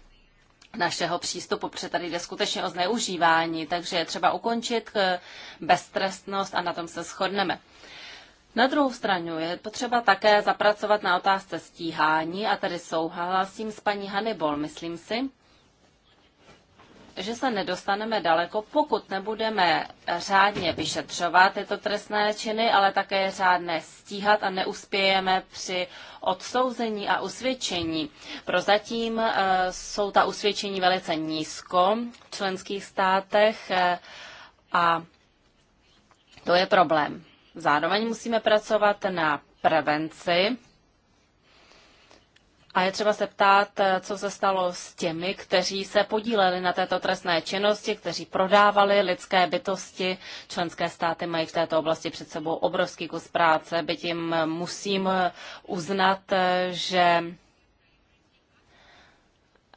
našeho přístupu, protože tady jde skutečně o zneužívání, takže je třeba ukončit beztrestnost a na tom se shodneme. Na druhou stranu je potřeba také zapracovat na otázce stíhání a tady souhlasím s paní Hannibal, myslím si, že se nedostaneme daleko, pokud nebudeme řádně vyšetřovat tyto trestné činy, ale také řádné stíhat a neuspějeme při odsouzení a usvědčení. Prozatím eh, jsou ta usvědčení velice nízko v členských státech eh, a to je problém. Zároveň musíme pracovat na prevenci. A je třeba se ptát, co se stalo s těmi, kteří se podíleli na této trestné činnosti, kteří prodávali lidské bytosti. Členské státy mají v této oblasti před sebou obrovský kus práce, byť jim musím uznat, že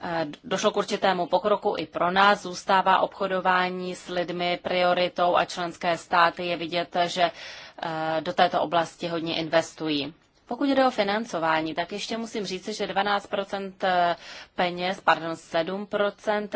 eh, Došlo k určitému pokroku i pro nás. Zůstává obchodování s lidmi prioritou a členské státy je vidět, že Eh, do této oblasti hodně investují. Pokud jde o financování, tak ještě musím říct, že 12 eh, peněz, pardon, 7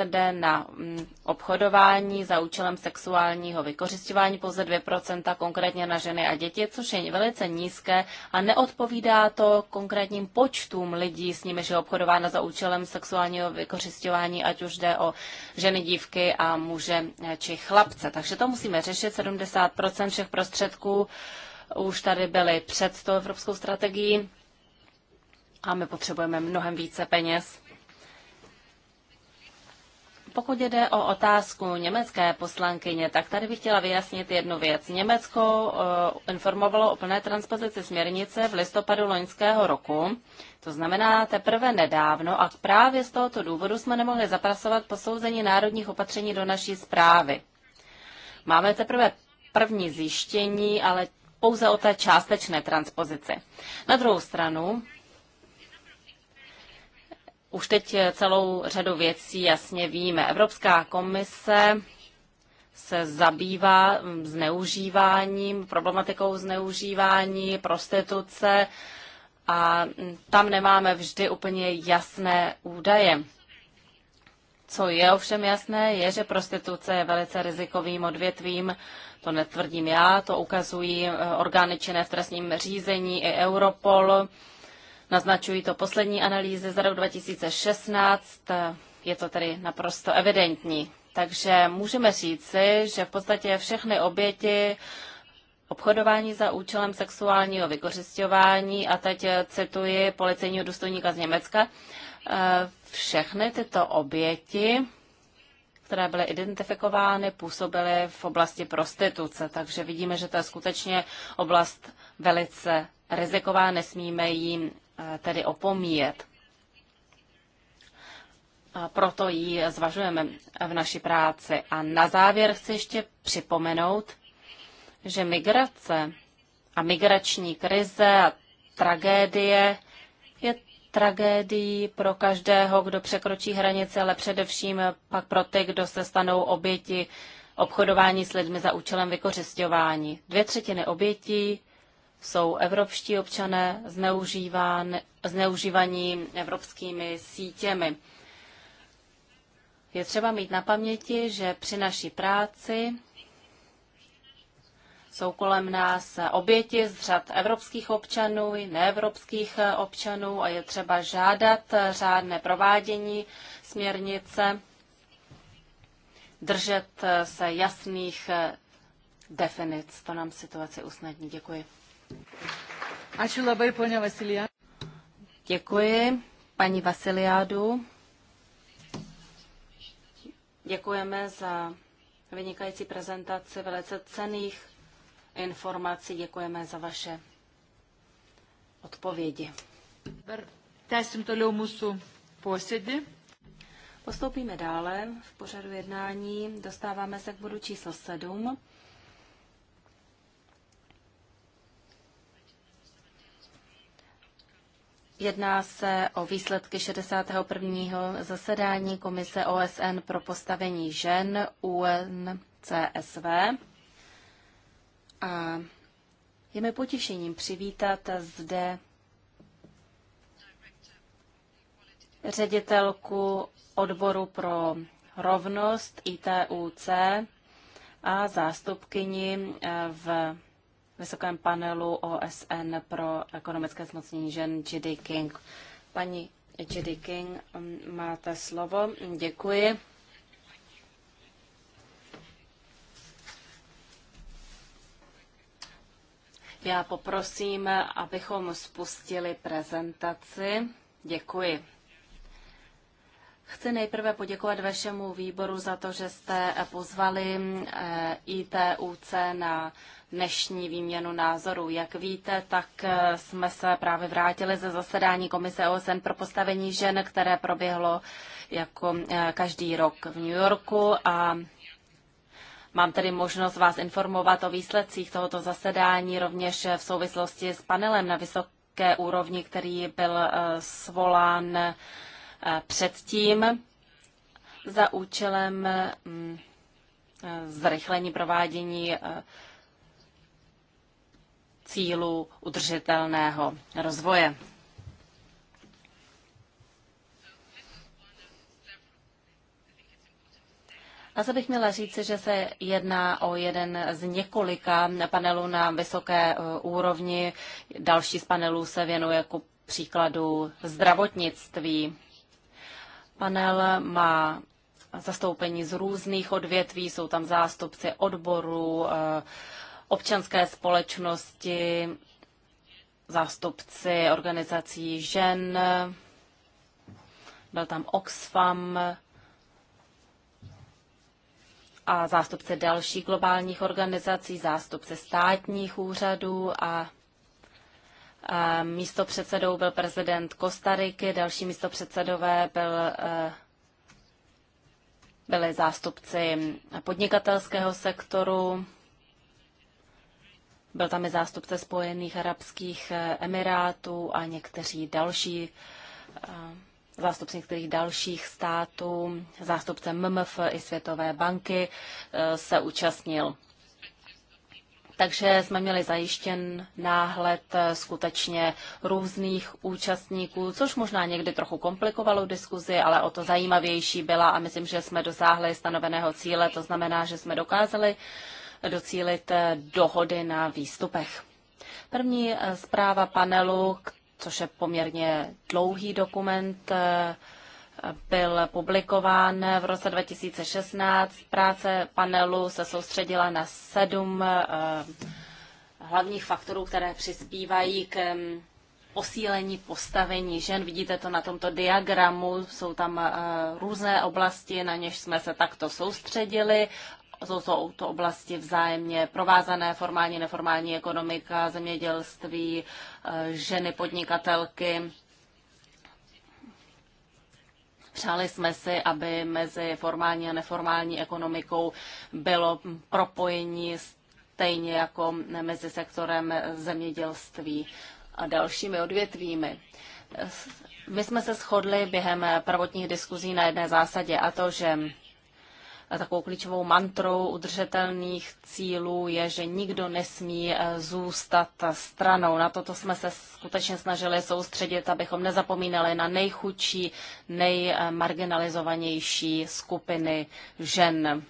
jde na mm, obchodování za účelem sexuálního vykořišťování, pouze 2 konkrétně na ženy a děti, což je velice nízké a neodpovídá to konkrétním počtům lidí, s nimiž je obchodováno za účelem sexuálního vykořišťování, ať už jde o ženy, dívky a muže eh, či chlapce. Takže to musíme řešit. 70 všech prostředků už tady byly před tou evropskou strategií a my potřebujeme mnohem více peněz. Pokud jde o otázku německé poslankyně, tak tady bych chtěla vyjasnit jednu věc. Německo eh, informovalo o plné transpozici směrnice v listopadu loňského roku, to znamená teprve nedávno a právě z tohoto důvodu jsme nemohli zapracovat posouzení národních opatření do naší zprávy. Máme teprve první zjištění, ale pouze o té částečné transpozici. Na druhou stranu, už teď celou řadu věcí jasně víme. Evropská komise se zabývá zneužíváním, problematikou zneužívání, prostituce a tam nemáme vždy úplně jasné údaje. Co je ovšem jasné, je, že prostituce je velice rizikovým odvětvím to netvrdím já, to ukazují eh, orgány činné v trestním řízení i Europol. Naznačují to poslední analýzy za rok 2016, je to tedy naprosto evidentní. Takže můžeme říci, že v podstatě všechny oběti obchodování za účelem sexuálního vykořišťování, a teď eh, cituji policejního důstojníka z Německa, eh, všechny tyto oběti které byly identifikovány, působily v oblasti prostituce. Takže vidíme, že to je skutečně oblast velice riziková, nesmíme ji eh, tedy opomíjet. A proto ji zvažujeme v naší práci. A na závěr chci ještě připomenout, že migrace a migrační krize a tragédie tragédií pro každého, kdo překročí hranice, ale především pak pro ty, kdo se stanou oběti obchodování s lidmi za účelem vykořisťování. Dvě třetiny obětí jsou evropští občané zneužívaní evropskými sítěmi. Je třeba mít na paměti, že při naší práci jsou kolem nás oběti z řad evropských občanů i neevropských občanů a je třeba žádat řádné provádění směrnice, držet se jasných definic. To nám situaci usnadní. Děkuji. Ačiū labai, ponia Vasilija. Děkuji, paní Vasiliádu. Děkujeme za vynikající prezentaci velice cených informaci. Děkujeme za vaše odpovědi. Postoupíme dále v pořadu jednání. Dostáváme se k bodu číslo 7. Jedná se o výsledky 61. zasedání Komise OSN pro postavení žen UNCSV. A je mi potěšením přivítat zde ředitelku odboru pro rovnost ITUC a zástupkyni eh, v vysokém panelu OSN pro ekonomické zmocnění žen Judy King. Paní Judy King, mm, máte slovo. Děkuji. Já poprosím, abychom spustili prezentaci. Děkuji. Chci nejprve poděkovat vašemu výboru za to, že jste pozvali eh, ITUC na dnešní výměnu názorů. Jak víte, tak eh, jsme se právě vrátili ze zasedání Komise OSN pro postavení žen, které proběhlo jako eh, každý rok v New Yorku a Mám tedy možnost vás informovat o výsledcích tohoto zasedání rovněž v souvislosti s panelem na vysoké úrovni, který byl eh, svolán eh, předtím za účelem mm, eh, zrychlení provádění cílu udržitelného rozvoje. A co bych měla říct, že se jedná o jeden z několika panelů na vysoké e, úrovni. Další z panelů se věnuje jako příkladu zdravotnictví. Panel má zastoupení z různých odvětví, jsou tam zástupci odborů, e, občanské společnosti, zástupci organizací žen, byl tam Oxfam, a zástupce dalších globálních organizací, zástupce státních úřadů a místo předsedou byl prezident Kostariky, další místo předsedové byl, e, byli zástupci podnikatelského sektoru, byl tam i zástupce Spojených Arabských Emirátů a někteří další e, zástupci některých dalších států, zástupce MMF i Světové banky eh, se účastnil. Takže jsme měli zajištěn náhled eh, skutečně různých účastníků, což možná někdy trochu komplikovalo diskuzi, ale o to zajímavější byla a myslím, že jsme dosáhli stanoveného cíle, to znamená, že jsme dokázali docílit eh, dohody na výstupech. První zpráva panelu, což je poměrně dlouhý dokument, eh, byl publikován v roce 2016. Práce panelu se soustředila na sedm eh, hlavních faktorů, které přispívají k posílení postavení žen. Vidíte to na tomto diagramu, jsou tam eh, různé oblasti, na něž jsme se takto soustředili jsou to oblasti vzájemně provázané, formální, neformální ekonomika, zemědělství, eh, ženy podnikatelky. Přáli jsme si, aby mezi formální a neformální ekonomikou bylo propojení stejně jako mezi sektorem zemědělství a dalšími odvětvími. My jsme se shodli během prvotních diskuzí na jedné zásadě a to, že takovou klíčovou mantrou udržitelných cílů je, že nikdo nesmí eh, zůstat stranou. Na toto jsme se skutečně snažili soustředit, abychom nezapomínali na nejchudší, nejmarginalizovanější skupiny žen.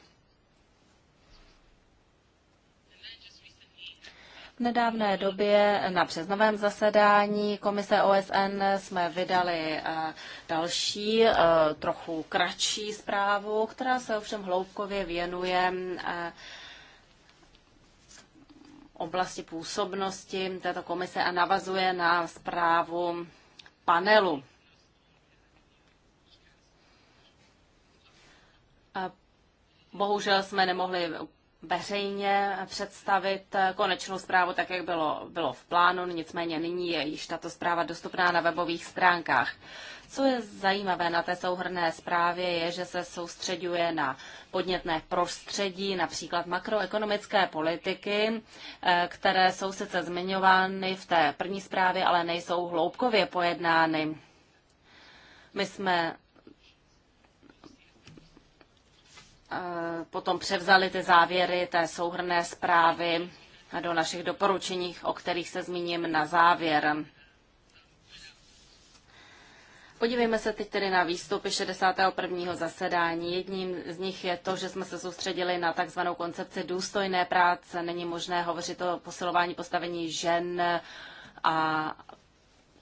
V nedávné době na přeznovém zasedání Komise OSN jsme vydali eh, další, eh, trochu kratší zprávu, která se ovšem hloubkově věnuje eh, oblasti působnosti této komise a navazuje na zprávu panelu. Bohužel jsme nemohli veřejně představit konečnou zprávu tak, jak bylo, bylo v plánu, no, nicméně nyní je již tato zpráva dostupná na webových stránkách. Co je zajímavé na té souhrné zprávě je, že se soustředuje na podnětné prostředí, například makroekonomické politiky, eh, které jsou sice zmiňovány v té první zprávě, ale nejsou hloubkově pojednány. My jsme Eh, potom převzali ty závěry té souhrné zprávy do našich doporučeních, o kterých se zmíním na závěr. Podívejme se teď tedy na výstupy 61. zasedání. Jedním z nich je to, že jsme se soustředili na takzvanou koncepci důstojné práce. Není možné hovořit o posilování postavení žen a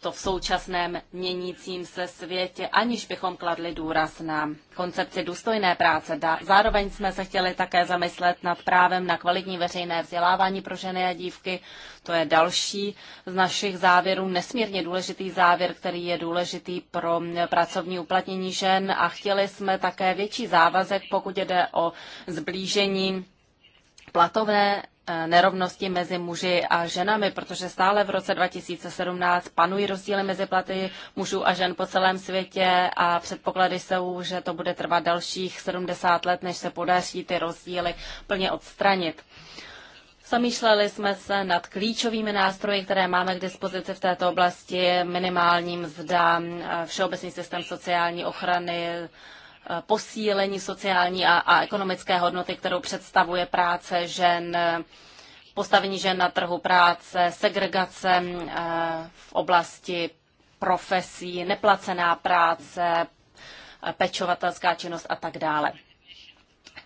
to v současném měnícím se světě, aniž bychom kladli důraz na koncepci důstojné práce. Zároveň jsme se chtěli také zamyslet nad právem na kvalitní veřejné vzdělávání pro ženy a dívky. To je další z našich závěrů, nesmírně důležitý závěr, který je důležitý pro pracovní uplatnění žen a chtěli jsme také větší závazek, pokud jde o zblížení platové nerovnosti mezi muži a ženami, protože stále v roce 2017 panují rozdíly mezi platy mužů a žen po celém světě a předpoklady jsou, že to bude trvat dalších 70 let, než se podaří ty rozdíly plně odstranit. Zamýšleli jsme se nad klíčovými nástroji, které máme k dispozici v této oblasti, minimální zda, všeobecný systém sociální ochrany, Eh, posílení sociální a, a ekonomické hodnoty, kterou představuje práce žen, eh, postavení žen na trhu práce, segregace eh, v oblasti profesí, neplacená práce, pečovatelská činnost a tak dále.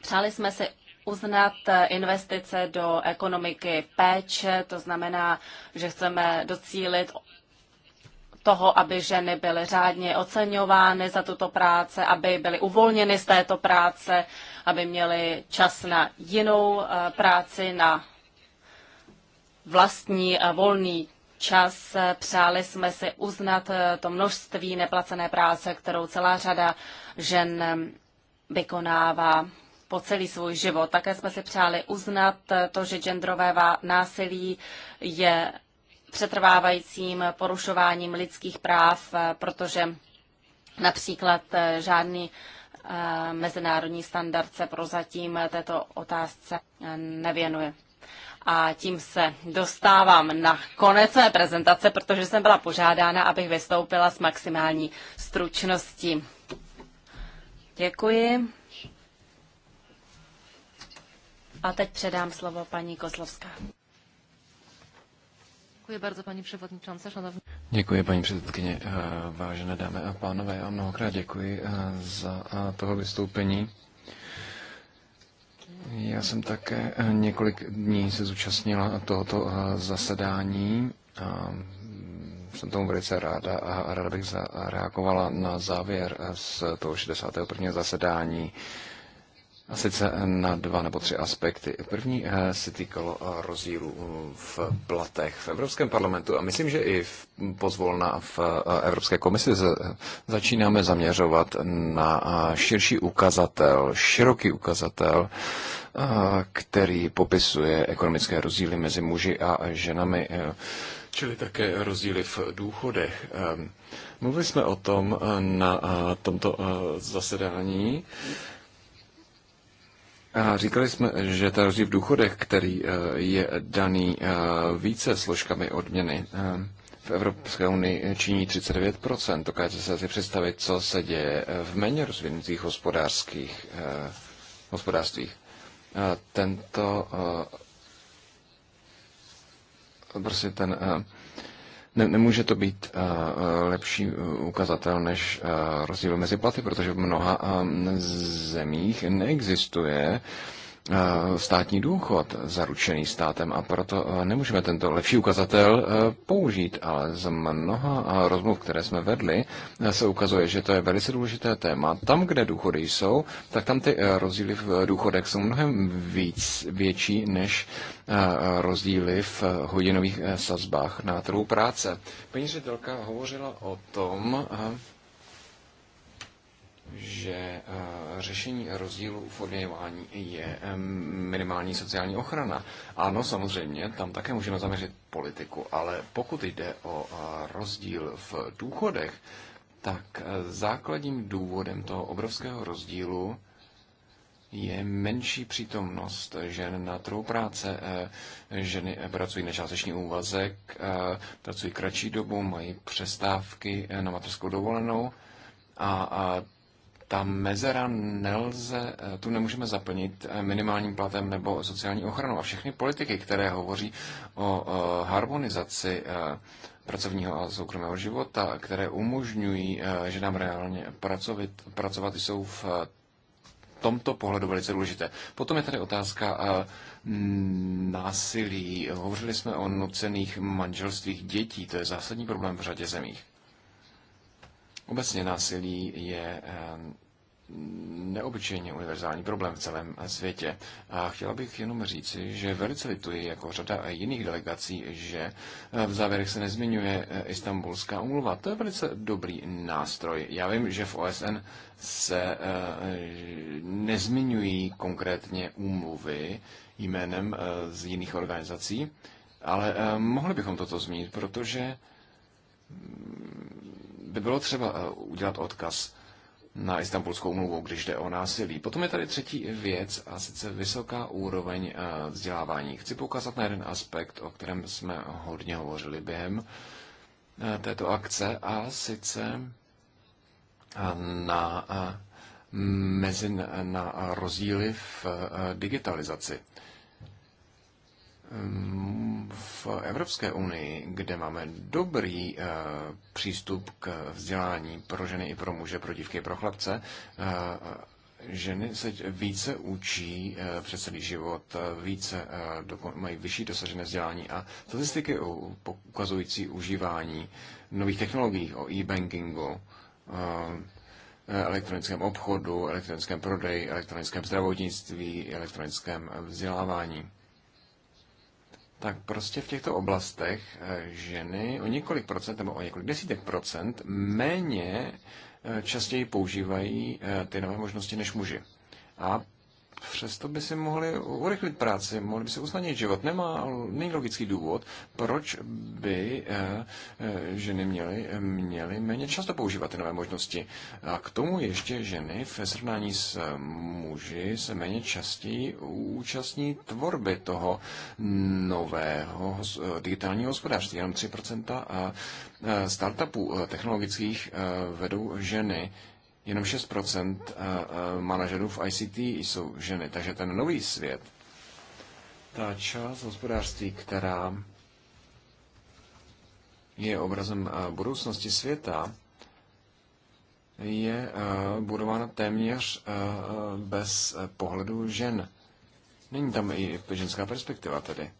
Přáli jsme si uznat investice do ekonomiky péče, to znamená, že chceme docílit toho, aby ženy byly řádně oceňovány za tuto práce, aby byly uvolněny z této práce, aby měly čas na jinou eh, práci, na vlastní volný čas. Přáli jsme si uznat eh, to množství neplacené práce, kterou celá řada žen eh, vykonává po celý svůj život. Také jsme si přáli uznat to, že genderové násilí je přetrvávajícím porušováním lidských práv, eh, protože například eh, žádný eh, mezinárodní standard se prozatím této otázce nevěnuje. A tím se dostávám na konec své prezentace, protože jsem byla požádána, abych vystoupila s maximální stručností. Děkuji. A teď předám slovo paní Kozlovská. Děkuji bardzo, paní předsedkyně. Szanowni... Děkuji, paní předsedkyně. Vážené dámy a pánové, já mnohokrát děkuji e, za e, toho vystoupení. Já jsem také e, několik dní se zúčastnila tohoto zasedání. Mm, jsem tomu velice ráda a ráda bych zareagovala na závěr z toho 61. zasedání a sice na dva nebo tři aspekty. První eh, se týkalo eh, rozdílu eh, v platech v Evropském parlamentu a myslím, že i v, pozvolna v Evropské komisi začínáme zaměřovat na širší ukazatel, široký ukazatel, který popisuje ekonomické rozdíly mezi muži a ženami, čili také rozdíly v důchodech. Mluvili jsme o tom na tomto zasedání. A říkali jsme, že ten rozdíl v důchodech, který eh, je daný eh, více složkami odměny eh, v Evropské unii, činí 39%. Dokážete se asi představit, co se děje v méně rozvinutých hospodářských hospodářstvích. Tento prostě ten ne, nemůže to být uh, lepší eh, ukazatel než uh, rozdíl mezi platy, protože v mnoha uh, zemích neexistuje uh, Eh, státní důchod zaručený státem a proto eh, nemůžeme tento lepší ukazatel eh, použít, ale z mnoha rozmluv, které jsme vedli, se ukazuje, že to je velice důležité téma. Tam, kde důchody jsou, tak tam ty rozdíly v důchodech jsou mnohem víc větší než rozdíly v hodinových sazbách na trhu práce. Paní ředitelka hovořila o tom, že eh, řešení rozdílu v odměňování je eh, minimální sociální ochrana. Ano, samozřejmě, tam také můžeme zaměřit politiku, ale pokud jde o eh, rozdíl v důchodech, tak základním důvodem toho obrovského rozdílu je menší přítomnost žen na trhu práce. Ženy pracují na částečný úvazek, pracují kratší dobu, mají přestávky na materskou dovolenou a ta mezera nelze, eh, tu nemůžeme zaplnit eh, minimálním platem nebo sociální ochranou. A všechny politiky, které hovoří o eh, harmonizaci pracovního a soukromého života, které umožňují že nám reálně pracovit, pracovat, jsou v tomto pohledu velice důležité. Potom je tady otázka násilí. Hovořili jsme o nucených manželstvích dětí. To je zásadní problém v řadě zemích. Obecně násilí je eh, neobyčejně univerzální problém v celém světě. A chtěla bych jenom říci, že velice lituji jako řada jiných delegací, že eh, v závěrech se nezmiňuje eh, Istanbulská umluva. To je velice dobrý nástroj. Já vím, že v OSN se nezmiňují konkrétně umluvy jménem z jiných organizací, ale mohli bychom toto zmínit, protože by bylo třeba eh, udělat odkaz na istambulskou mluvu, když jde o násilí. Potom je tady třetí věc, a sice vysoká úroveň eh, vzdělávání. Chci poukázat na jeden aspekt, o kterém jsme hodně hovořili během eh, této akce, a sice na, mezi, na rozdíly v digitalizaci. Ehm, v Evropské unii, kde máme dobrý eh, přístup k vzdělání pro ženy i pro muže, pro dívky i pro chlapce, eh, ženy se více učí eh, přes celý život, více mají vyšší dosažené vzdělání a statistiky ukazující užívání nových technologií o e-bankingu, elektronickém obchodu, elektronickém prodeji, elektronickém zdravotnictví, elektronickém vzdělávání tak prostě v těchto oblastech eh, ženy o několik procent nebo o několik desítek procent méně eh, častěji používají eh, ty nové možnosti než muži. A Přesto by si mohli urychlit práci, mohli by si usnadnit život. Nemá, nejlogický logický důvod, proč by eh, eh, ženy měly, měly méně často používat ty nové možnosti. A k tomu ještě ženy v srovnání s eh, muži se méně častěji účastní tvorby toho nového digitálního hospodářství. Jenom 3% startupů technologických vedou ženy Jenom 6% eh, eh, manažerů v ICT jsou ženy, takže ten nový svět, ta část hospodářství, která je obrazem eh, budoucnosti světa, je budována téměř bez pohledu žen. Není tam i ženská perspektiva tedy.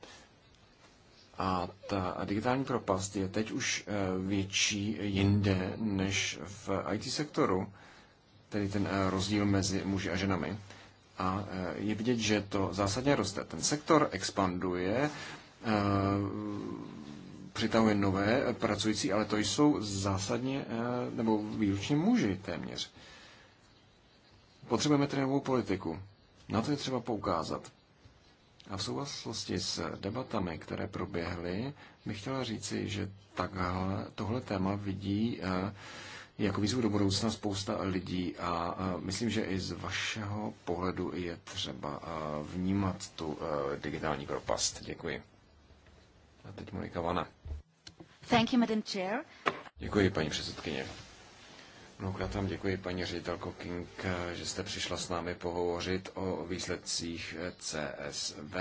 A ta digitální propast je teď už větší jinde než v IT sektoru tedy ten eh, rozdíl mezi muži a ženami. A eh, je vidět, že to zásadně roste. Ten sektor expanduje, eh, přitahuje nové pracující, ale to jsou zásadně nebo výlučně muži téměř. Potřebujeme tedy novou politiku. Na to je třeba poukázat. A v souvislosti s debatami, které proběhly, bych chtěla říci, že takhle, tohle téma vidí uh, jako výzvu do budoucna spousta lidí a myslím, že i z vašeho pohledu je třeba vnímat tu digitální propast. Děkuji. A teď Monika Vana. Thank you, Madam Chair. Děkuji, paní předsedkyně. Mnohokrát vám děkuji, paní ředitelko King, že jste přišla s námi pohovořit o výsledcích CSV.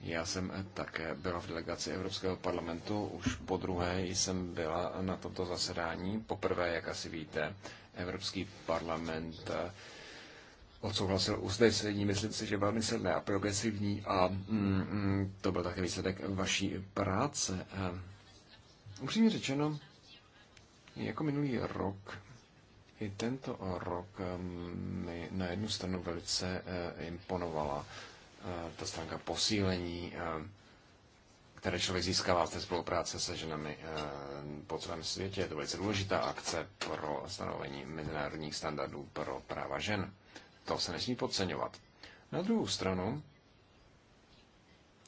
Já jsem také byla v delegaci Evropského parlamentu, už po druhé jsem byla na tomto zasedání. Poprvé, jak asi víte, Evropský parlament eh, odsouhlasil usnesení, myslím si, že velmi silné a progresivní a mm, mm to byl také výsledek vaší práce. Eh, upřímně řečeno, jako minulý rok, i tento rok eh, mi na jednu stranu velice imponovala Eh, ta stránka posílení, eh, které člověk získává z té spolupráce se ženami eh, po celém světě. Je to velice důležitá akce pro stanovení mezinárodních standardů pro práva žen. To se nesmí podceňovat. Na druhou stranu,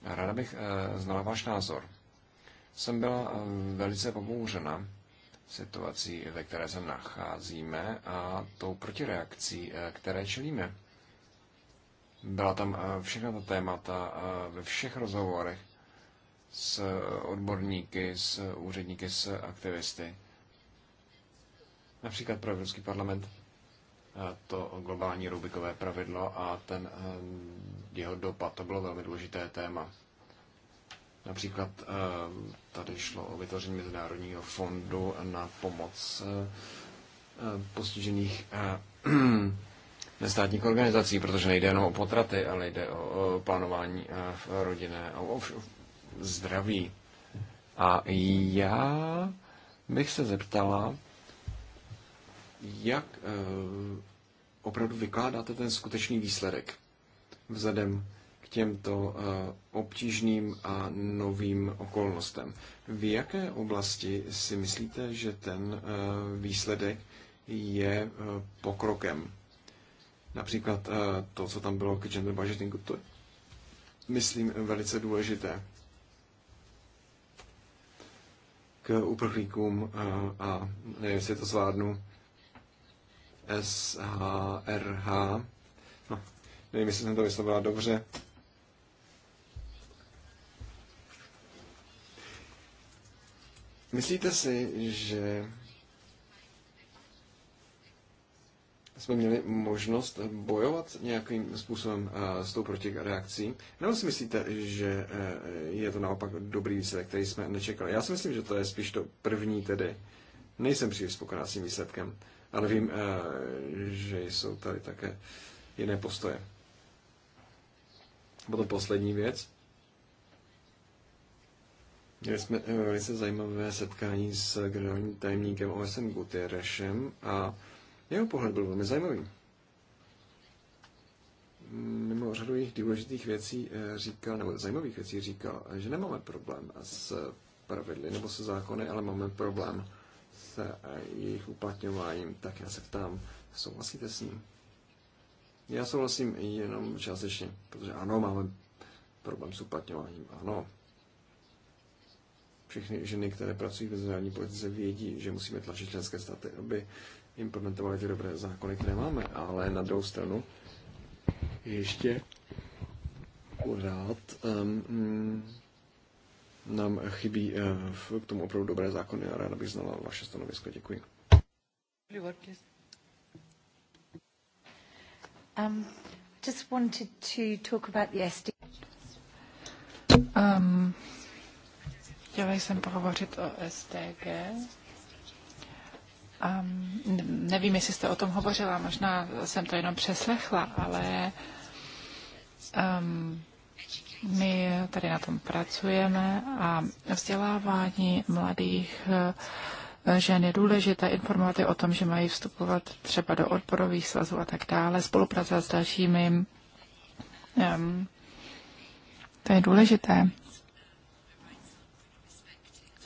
ráda bych znala váš názor. Jsem byla velice pobouřena situací, ve které se nacházíme a tou protireakcí, které čelíme. Byla tam eh, všechna ta témata eh, ve všech rozhovorech s eh, odborníky, s úředníky, s aktivisty. Například pro Evropský parlament to globální Rubikové pravidlo a ten jeho dopad, to bylo velmi důležité téma. Například tady šlo o vytvoření Mezinárodního fondu na pomoc postižených nestátních organizací, protože nejde jenom o potraty, ale jde o plánování eh, v rodinné a o zdraví. A já bych se zeptala, jak eh, opravdu vykládáte ten skutečný výsledek vzhledem k těmto eh, obtížným a novým okolnostem. V jaké oblasti si myslíte, že ten výsledek je pokrokem? Například eh, to, co tam bylo k gender budgetingu, to je, myslím, velice důležité. K uprchlíkům eh, a nevím, jestli to zvládnu, SHRH, no, nevím, jestli jsem to vyslovila dobře, Myslíte si, že jsme měli možnost bojovat nějakým způsobem eh, s tou protireakcí? Nebo si myslíte, že eh, je to naopak dobrý výsledek, který jsme nečekali? Já si myslím, že to je spíš to první tedy. Nejsem příliš spokojená s tím výsledkem, ale vím, eh, že jsou tady také jiné postoje. Potom poslední věc. Měli jsme velice zajímavé setkání s generálním tajemníkem OSN Guterresem a jeho pohled byl velmi zajímavý. Mimo řadu jejich důležitých věcí eh, říkal, nebo zajímavých věcí říkal, že nemáme problém s pravidly nebo se zákony, ale máme problém s eh, jejich uplatňováním. Tak já se ptám, souhlasíte s ním? Já souhlasím jenom částečně, protože ano, máme problém s uplatňováním, ano. Všechny ženy, které pracují v mezinárodní politice, vědí, že musíme tlačit členské státy, aby implementovali ty dobré zákony, které máme, ale na druhou stranu ještě pořád um, nám chybí uh, k tomu opravdu dobré zákony a ráda bych znala vaše stanovisko. Děkuji. Um, just wanted to talk about the SD. Um, ehm, chtěla jsem pohovořit o SDG nevím, jestli jste o tom hovořila, možná jsem to jenom přeslechla, ale um, my tady na tom pracujeme a vzdělávání mladých eh, žen je důležité informovat je o tom, že mají vstupovat třeba do odporových svazů a tak dále, spolupracovat s dalšími. Um, to je důležité.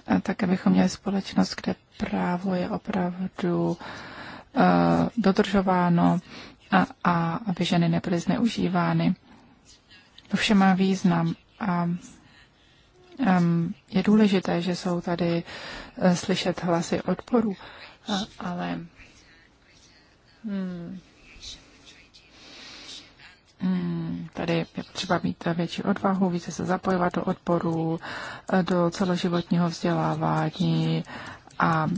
A tak, abychom měli společnost, kde právo je opravdu eh, dodržováno a, a aby ženy nebyly zneužívány. To vše má význam a um, je důležité, že jsou tady uh, slyšet hlasy odporu, uh, ale hmm, Hmm, tady je potřeba mít větší odvahu, více se zapojovat do odporu, eh, do celoživotního vzdělávání a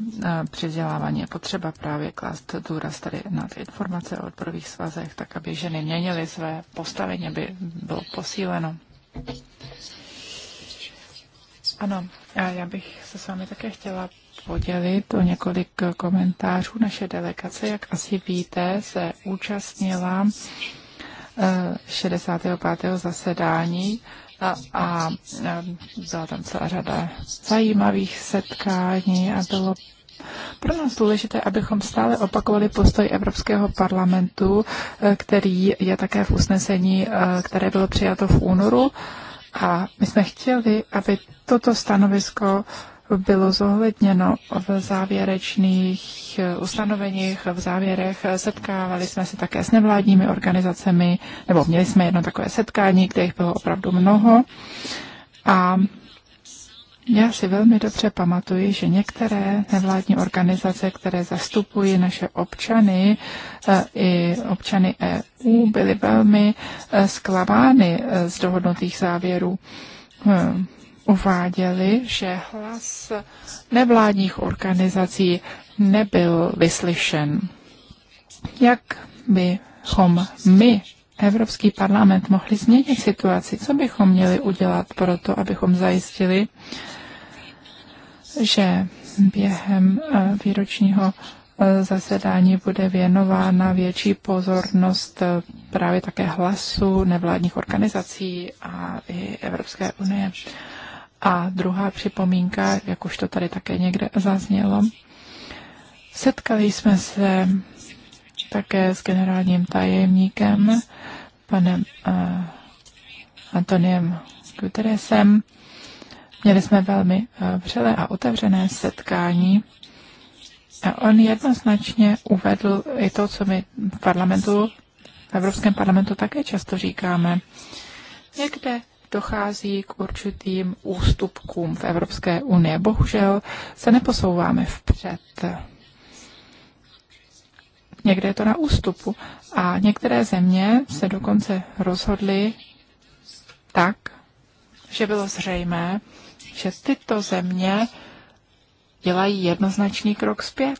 při vzdělávání je potřeba právě klást důraz tady na ty informace o odborových svazech, tak aby ženy měnily své postavení, aby bylo posíleno. Ano, já bych se s vámi také chtěla podělit o několik komentářů. Naše delegace, jak asi víte, se účastnila 65. Eh, zasedání a byla tam celá řada zajímavých setkání a bylo pro nás důležité, abychom stále opakovali postoj Evropského parlamentu, eh, který je také v usnesení, eh, které bylo přijato v únoru. A my jsme chtěli, aby toto stanovisko bylo zohledněno v závěrečných eh, ustanoveních, v závěrech. Setkávali jsme se také s nevládními organizacemi, nebo měli jsme jedno takové setkání, kde jich bylo opravdu mnoho. A já si velmi dobře pamatuji, že některé nevládní organizace, které zastupují naše občany eh, i občany EU, byly velmi eh, zklamány z dohodnutých závěrů. Hmm uváděli, že hlas nevládních organizací nebyl vyslyšen. Jak bychom my, Evropský parlament, mohli změnit situaci? Co bychom měli udělat pro to, abychom zajistili, že během eh, výročního eh, zasedání bude věnována větší pozornost eh, právě také hlasu nevládních organizací a i Evropské unie. A druhá připomínka, jak už to tady také někde zaznělo, setkali jsme se také s generálním tajemníkem, panem uh, Antoniem Guterresem. Měli jsme velmi uh, vřelé a otevřené setkání. A on jednoznačně uvedl i to, co my v parlamentu, v Evropském parlamentu také často říkáme. Někde dochází k určitým ústupkům v Evropské unii. Bohužel se neposouváme vpřed. Někde je to na ústupu. A některé země se dokonce rozhodly tak, že bylo zřejmé, že tyto země dělají jednoznačný krok zpět.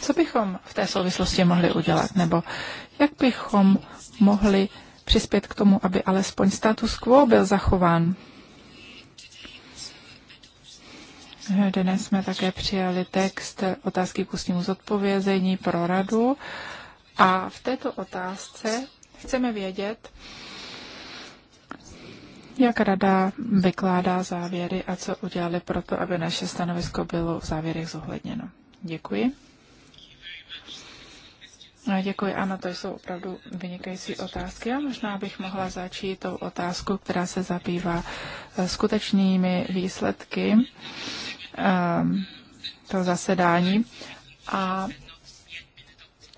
Co bychom v té souvislosti mohli udělat, nebo jak bychom mohli přispět k tomu, aby alespoň status quo byl zachován. Dnes jsme také přijali text otázky k ústnímu zodpovězení pro radu a v této otázce chceme vědět, jak rada vykládá závěry a co udělali pro to, aby naše stanovisko bylo v závěrech zohledněno. Děkuji. No, děkuji, ano, to jsou opravdu vynikající otázky. A možná bych mohla začít tou otázku, která se zabývá eh, skutečnými výsledky ehm, toho zasedání. A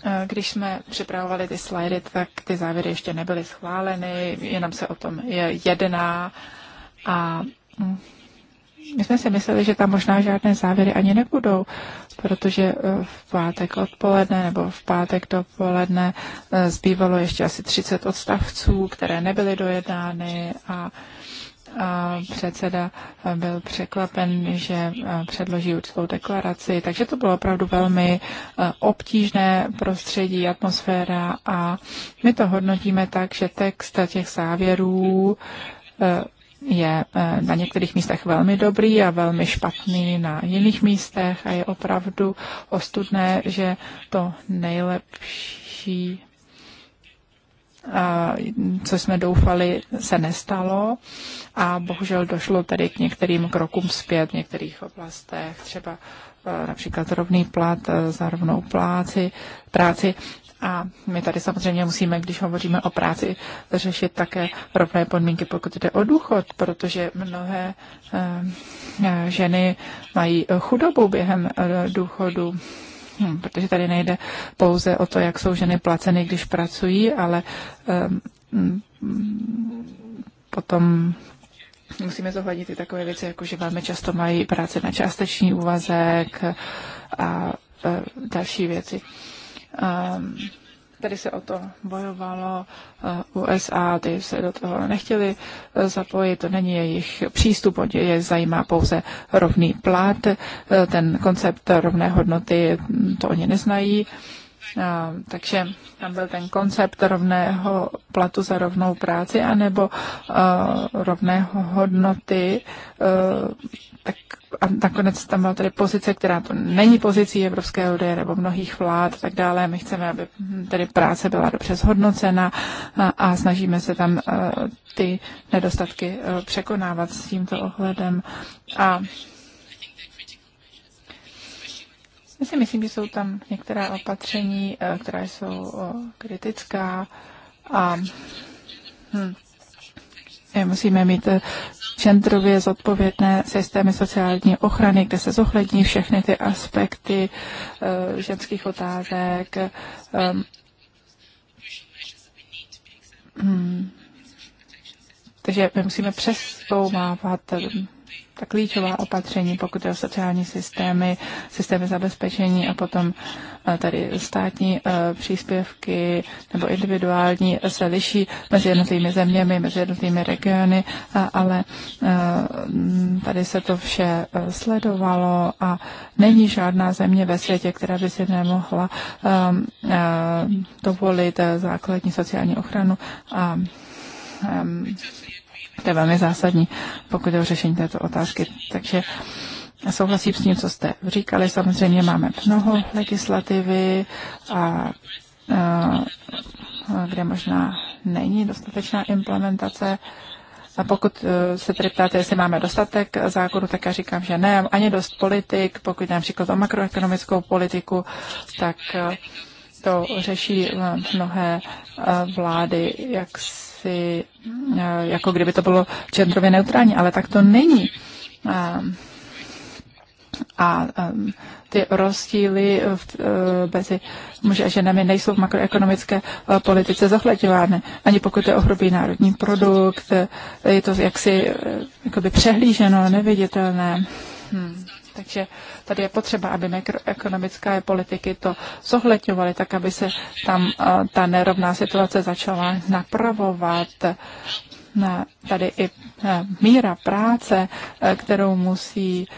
eh, když jsme připravovali ty slajdy, tak ty závěry ještě nebyly schváleny, jenom se o tom jedná. A mm, my jsme si mysleli, že tam možná žádné závěry ani nebudou protože eh, v pátek odpoledne nebo v pátek dopoledne eh, zbývalo ještě asi 30 odstavců, které nebyly dojednány a a předseda eh, byl překvapen, že předloží určitou deklaraci. Takže to bylo opravdu velmi obtížné prostředí, atmosféra a my to hodnotíme tak, že text těch závěrů je eh, na některých místech velmi dobrý a velmi špatný na jiných místech a je opravdu ostudné, že to nejlepší, eh, co jsme doufali, se nestalo a bohužel došlo tady k některým krokům zpět v některých oblastech, třeba eh, například rovný plat za rovnou pláci, práci. A my tady samozřejmě musíme, když hovoříme o práci, řešit také rovné podmínky, pokud jde o důchod, protože mnohé eh, ženy mají chudobu během eh, důchodu. Hmm, protože tady nejde pouze o to, jak jsou ženy placeny, když pracují, ale um, potom musíme zohlednit i takové věci, jako že velmi často mají práce na částečný úvazek a, a eh, další věci. Ehm, tady se o to bojovalo eh, USA, ty se do toho nechtěli eh, zapojit, to není jejich přístup, je zajímá pouze rovný plat, eh, ten koncept rovné hodnoty, to oni neznají takže tam byl ten koncept rovného platu za rovnou práci, anebo uh, rovného hodnoty. Uh, tak a nakonec tam byla tady pozice, která to není pozicí Evropské unie nebo mnohých vlád a tak dále. My chceme, aby tedy práce byla dobře zhodnocena a, a snažíme se tam uh, ty nedostatky uh, překonávat s tímto ohledem. A já si myslím, že jsou tam některá opatření, eh, která jsou eh, kritická a hm, musíme mít eh, centrově zodpovědné systémy sociální ochrany, kde se zohlední všechny ty aspekty ženských otázek. hm, Takže my musíme přeskoumávat ta klíčová opatření, pokud je o sociální systémy, systémy zabezpečení a potom eh, tady státní eh, příspěvky nebo individuální se liší mezi jednotlivými zeměmi, mezi jednotlivými regiony, ale eh, tady se to vše sledovalo a není žádná země ve světě, která by si nemohla ehm, dovolit základní sociální ochranu a ehm, to je velmi zásadní, pokud je o řešení této otázky. Takže souhlasím s tím, co jste říkali. Samozřejmě máme mnoho legislativy a, a kde možná není dostatečná implementace. A pokud e, se tedy ptáte, jestli máme dostatek zákonů, tak já říkám, že ne, ani dost politik. Pokud například o makroekonomickou politiku, tak e, to řeší e, mnohé vlády, jak věci, eh, jako kdyby to bylo genderově neutrální, ale tak to není. Eh, a, a eh, ty rozdíly v, mezi muži a ženami nejsou v makroekonomické politice zohledňovány. Ani pokud je o národní produkt, je to jaksi jakoby přehlíženo, neviditelné. Hmm. Takže tady je potřeba, aby makroekonomické politiky to zohledňovaly, tak aby se tam eh, ta nerovná situace začala napravovat. Tady i eh, míra práce, eh, kterou musí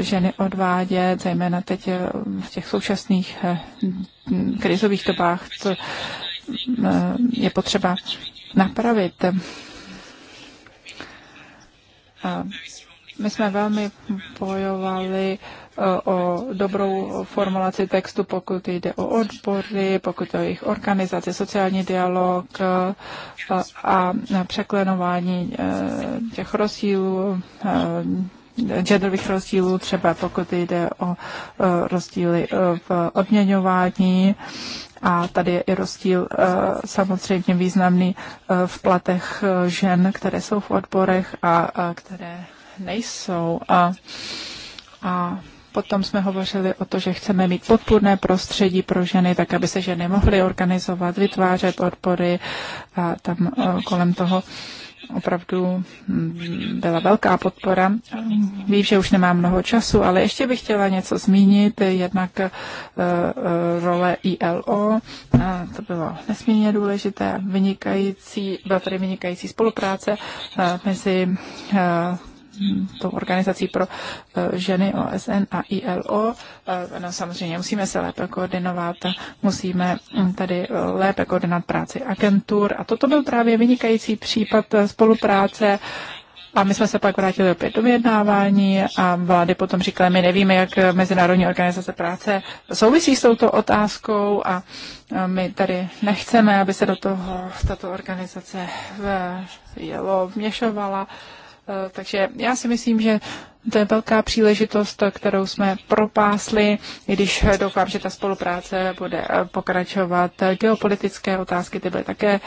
ženy odvádět, zejména teď v těch současných krizových dobách, to je potřeba napravit. My jsme velmi bojovali eh, o dobrou formulaci textu, pokud jde o odbory, pokud jde o jejich organizaci, sociální dialog eh, a překlenování eh, těch rozdílů, genderových rozdílů, třeba pokud jde o rozdíly v odměňování. A tady je i rozdíl samozřejmě významný v platech žen, které jsou v odborech a které nejsou. A, a potom jsme hovořili o to, že chceme mít podpůrné prostředí pro ženy, tak aby se ženy mohly organizovat, vytvářet odpory a tam e, kolem toho opravdu mm, byla velká podpora. Vím, že už nemám mnoho času, ale ještě bych chtěla něco zmínit. Jednak e, e, role ILO, to bylo nesmírně důležité, vynikající, byla tady vynikající spolupráce mezi tou organizací pro eh, ženy OSN a ILO. Eh, no, samozřejmě musíme se lépe koordinovat, musíme hm, tady eh, lépe koordinovat práci agentur a toto byl právě vynikající případ spolupráce a my jsme se pak vrátili opět do vyjednávání a vlády potom říkali, my nevíme, jak Mezinárodní organizace práce souvisí s touto otázkou a my tady nechceme, aby se do toho tato organizace v jelo vměšovala. Eh, takže já si myslím, že to je velká příležitost, kterou jsme propásli, i když eh, doufám, že ta spolupráce bude eh, pokračovat. Geopolitické otázky ty byly také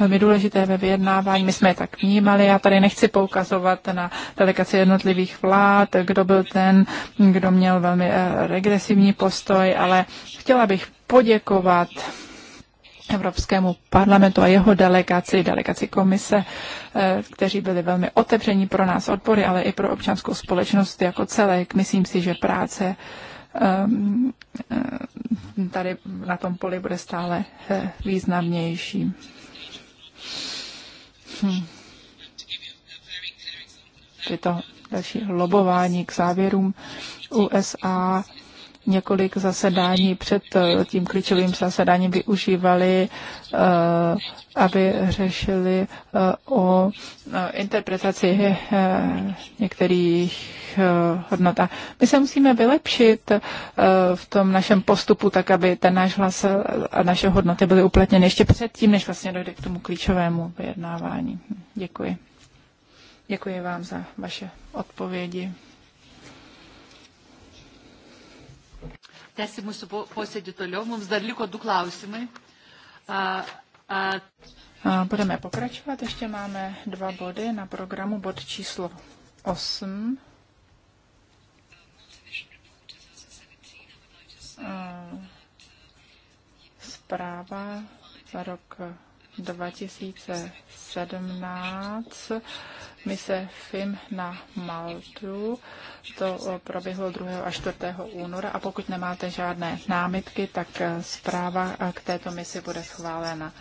velmi důležité ve vyjednávání. My jsme je tak vnímali. Já tady nechci poukazovat na delegaci jednotlivých vlád, kdo byl ten, kdo měl velmi regresivní postoj, ale chtěla bych poděkovat Evropskému parlamentu a jeho delegaci, delegaci komise, eh, kteří byli velmi otevření pro nás odbory, ale i pro občanskou společnost jako celek. Myslím si, že práce ehm, eh, tady na tom poli bude stále eh, významnější. Hm. Je to další lobování k závěrům USA několik zasedání před eh, tím klíčovým zasedáním využívali, eh, aby řešili eh, o interpretaci některých hodnot. my se musíme vylepšit v tom našem postupu, tak aby ten náš hlas a naše hodnoty byly uplatněny ještě předtím, než vlastně dojde k tomu klíčovému vyjednávání. Děkuji. Děkuji vám za vaše odpovědi. tęsti mūsų posėdį toliau. Mums dar liko du klausimai. A, a... Budeme pokračovat, ještě máme dva body na programu, bod číslo 8. Zpráva za rok 2017 mise FIM na Maltu. To eh, proběhlo 2. a 4. února a pokud nemáte žádné námitky, tak eh, zpráva eh, k této misi bude schválena.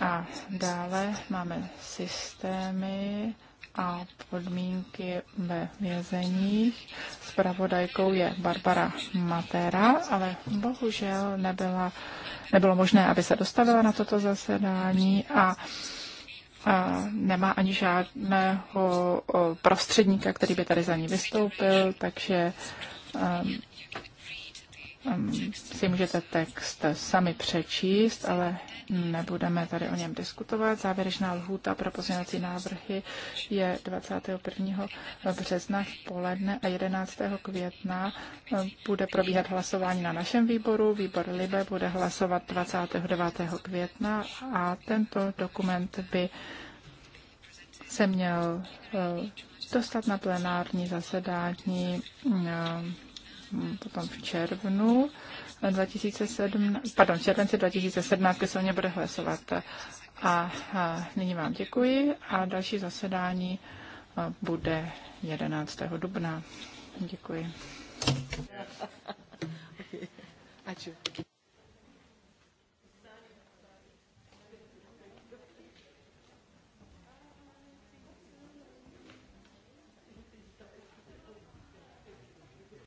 A dále máme systémy a podmínky ve vězeních. Spravodajkou je Barbara Matera, ale bohužel nebyla, nebylo možné, aby se dostavila na toto zasedání a a nemá ani žádného prostředníka, který by tady za ní vystoupil, takže um, Ehm, si můžete text sami přečíst, ale nebudeme tady o něm diskutovat. Závěrečná lhůta pro pozměňovací návrhy je 21. března v poledne a 11. května ehm, bude probíhat hlasování na našem výboru. Výbor Libe bude hlasovat 29. května a tento dokument by se měl ehm, dostat na plenární zasedání potom hm, v červnu 2017, eh, pardon, v červenci 2017, kdy se o ně bude hlasovat. A, a nyní vám děkuji a další zasedání eh, bude 11. dubna. Děkuji. Ačiū.